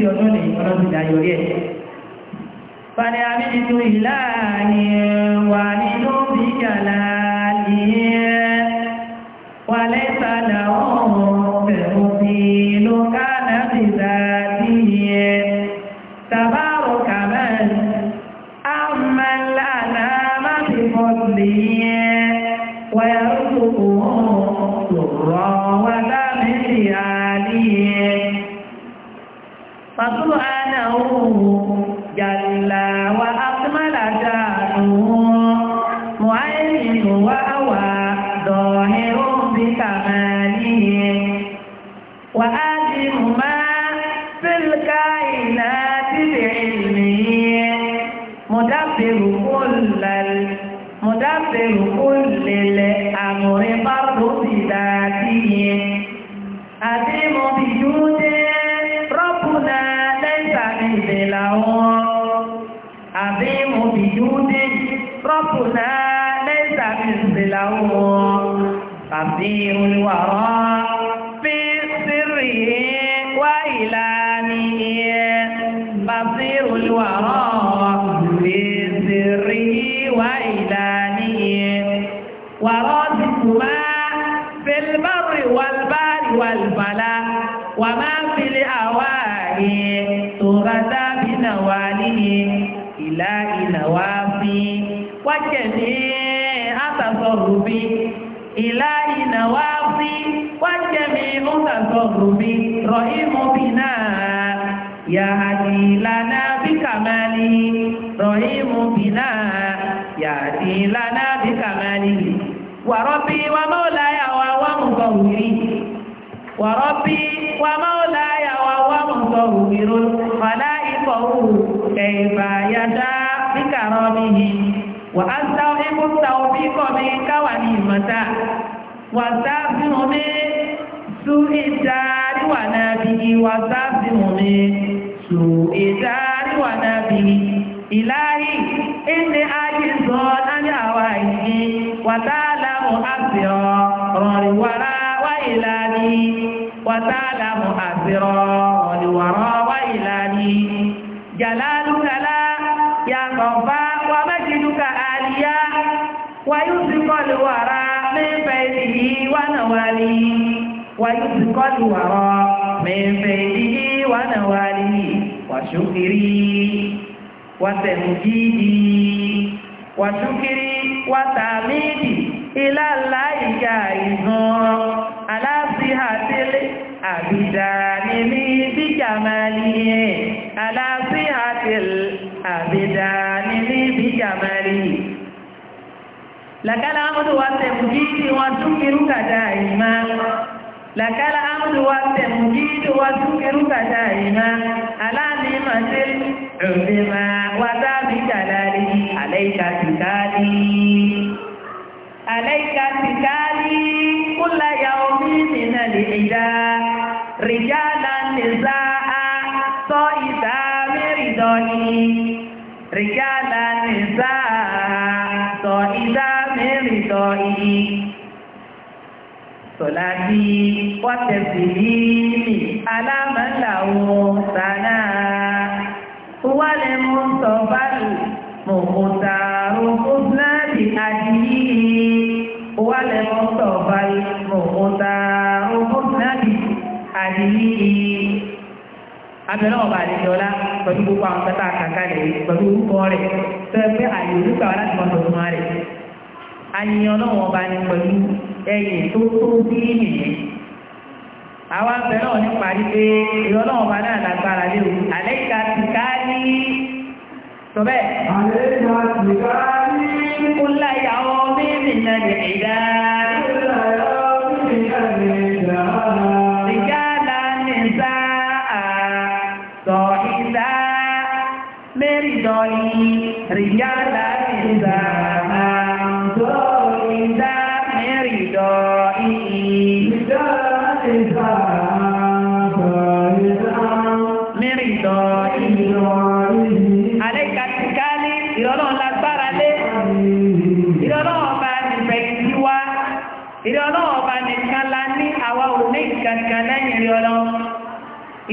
العظيم بجوده ربنا ليس مثله خبير الورى في سره وإعلانه بصير الورى في سره وإعلانه ورازق في البر والبار والبلاء وما wájẹ̀mí àtàtọ̀rùbí ìlà ìnáwá sí wájẹ̀mí àtàtọ̀rùbí rọ̀ ìmọ̀bí náà يهدي لنا بكماله رحيم بنا يهدي لنا بكماله وربي ومولاي ومصوري وربي ومولاي ومصور خلائقه كيف يشاء بكرمه wà á sá ikú ta òbí kọ́ mi káwà ní ìmọ̀ta wà sá fihàn mi sú ìdáríwà náà bí i wà sá fihàn mi sú ìdáríwà náà bí i ìláyì ìdí ayé sọ lábẹ́ àwa yìí wà tá a rọrìn wàrà wá ìlànà wà tá a rọrìn wàrà wá ìlànà jàlálùkàlà yàtọ̀ bá wà ka àlìyá wáyé ti kọ́lù wàrà mẹ́fẹ́ ìdí wánà wálé wáyé ti kọ́lù wàrà mẹ́fẹ́ ìdí wánà wálé wàṣúkiri wàtẹ̀mùjídì wàṣúkiri wàtàmídì ìlàlá ìjà ìzàn abidani mi àbìdà nílí bíjàmálì aláṣíhà tẹ́lẹ̀ àbìdà nílí bíjàmálì lakala amdu wa tamjidi wa tukiruka daima lakala amdu wa tamjidi wa tukiruka daima ala nimatil ulima wa tabi jalali alayka tikali alayka tikali kulla yawmin min al-ida rijalan nisaa sa'idah miridani rijalan nisaa لقائه صلاتي وتسليمي على من له ثناء هو المصطفى المختار حسنى بهديه هو المصطفى المختار حسنى بهديه abẹ̀rẹ̀ ọba àdìjọlá pẹ̀lú gbogbo àwọn tẹ́tà àkàkà rẹ̀ pẹ̀lú orúkọ rẹ̀ tẹ́ pé àyè orúkọ àwọn láti mọ̀ tọ̀tún ayin ọlọ́wọ́ ọba ni pẹ̀lú ẹyìn tó tó bí nìyẹn àwọn abẹ náà nípa wípé ìrọ̀ náà ọba náà lágbára lé o àlẹ́ka ti ká ní sọ bẹ́ẹ̀. àlẹ́ka ti ká ní. kó láyà ọ mímì náà lè rí dá.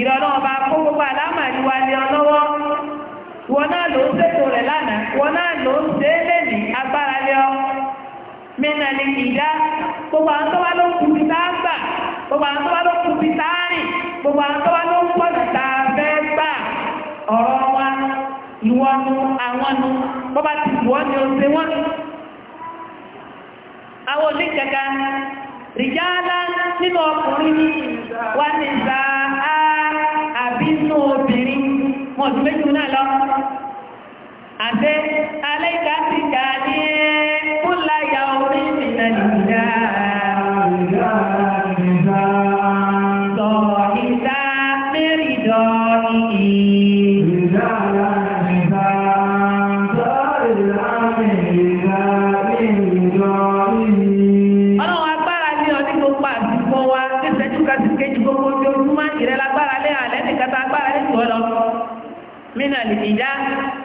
ìrọ̀lọ́ ọba kó gbogbo àlámàrí wa lé ọ lọ́wọ́ wọn náà ló ń ṣètò rẹ̀ lánàá wọn náà ló ń ṣe é lẹ́nìí agbára lé ọ mẹ́nà ni ìdá gbogbo àwọn tó wá ló ń kú bí tá a gbà gbogbo àwọn tó wá ló ń kú bí tá a rìn gbogbo àwọn tó wá ló ń pọ̀nà tá a fẹ́ gbà ọ̀rọ̀ wa ìwọ nu àwọn nu bọ́ba ti wọ́n ni ó ṣe wọ́n. àwọn oníkẹ̀kẹ́ rìjálá nínú ọkùnrin wa ní ìgbà á rí inú obìnrin wọn ti méjì náà lọ àti alẹ́ ìkàtí kàdí kúláyà orí ìrìnà nìyà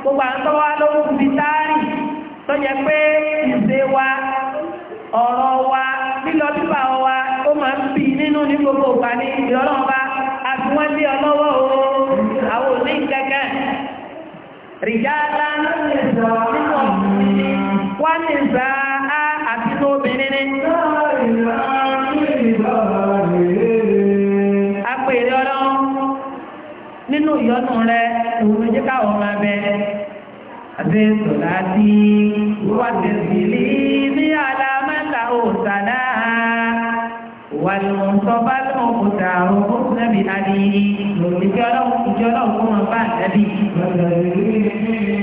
gbogbo àwọn tọ́wọ́ lóhùn ti táàrì tó jẹ pé ìṣe wa ọ̀rọ̀ wa lílọ bíbà wa ó máa ń bì nínú ní gbogbo ìgbà ní ìrọ̀lọ́ba àti wọ́n lé ọlọ́wọ́ o àwọn òní gẹ́gẹ́ rìjálá nínú ọ̀sìn ní ìgbà á àti ní obìnrin ní. apèrè ọlọ́run nínú ìyọnu rẹ̀ ìwé jẹ́ káwọn máa bẹ àti sọ̀lá tí wà tẹ̀sílì ní alámọ́ta òsànà wà lóun sọ bá lóun kò tà àwọn òsànàbí àdì ìjọ ọlọ́run ìjọ ọlọ́run kó máa bá àtẹ́bí.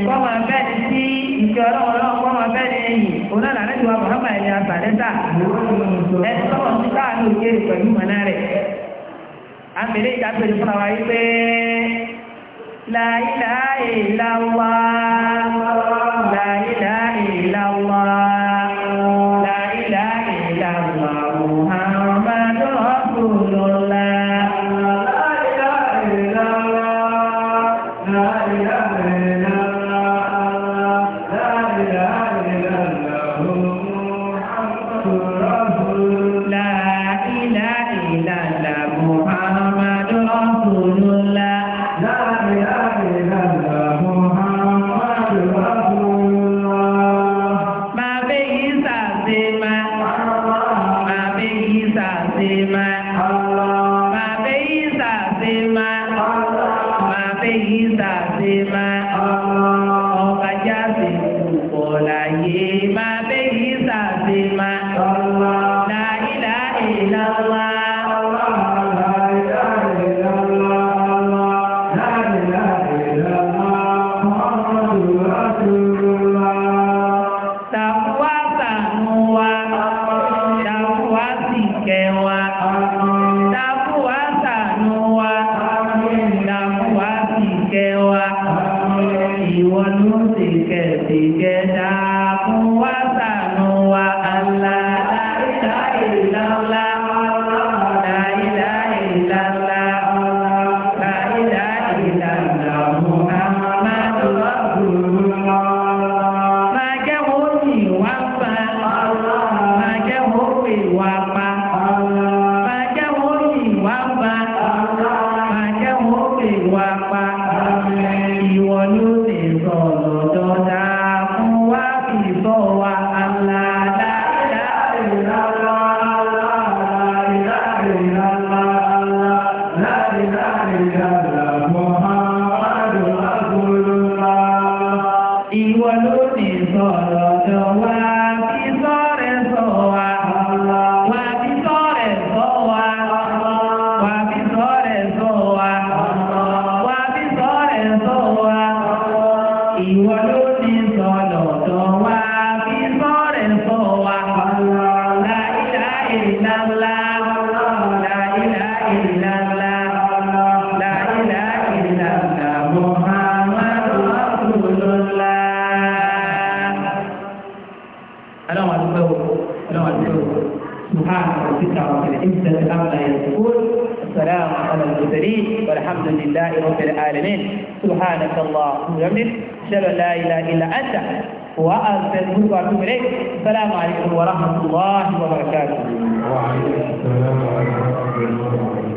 kọ́mọ bẹ́ẹ̀ ni sí ìjọ ọlọ́run ọlọ́run kọ́mọ bẹ́ẹ̀ ni ẹ̀yìn òun náà lànà ìwà mọ̀ọ́mà ẹ̀yìn àbàdẹ́ta ẹ̀sìn tọ́wọ́ sí káà ló pẹ̀lú mọ̀nà rẹ̀. àmì la ilaha illallah sàṣe máa máa fẹ́ yìí sàṣe máa. لا إله إلا أنت وأستغفرك وأتوب إليك السلام عليكم ورحمة الله وبركاته وعليكم السلام ورحمة الله وبركاته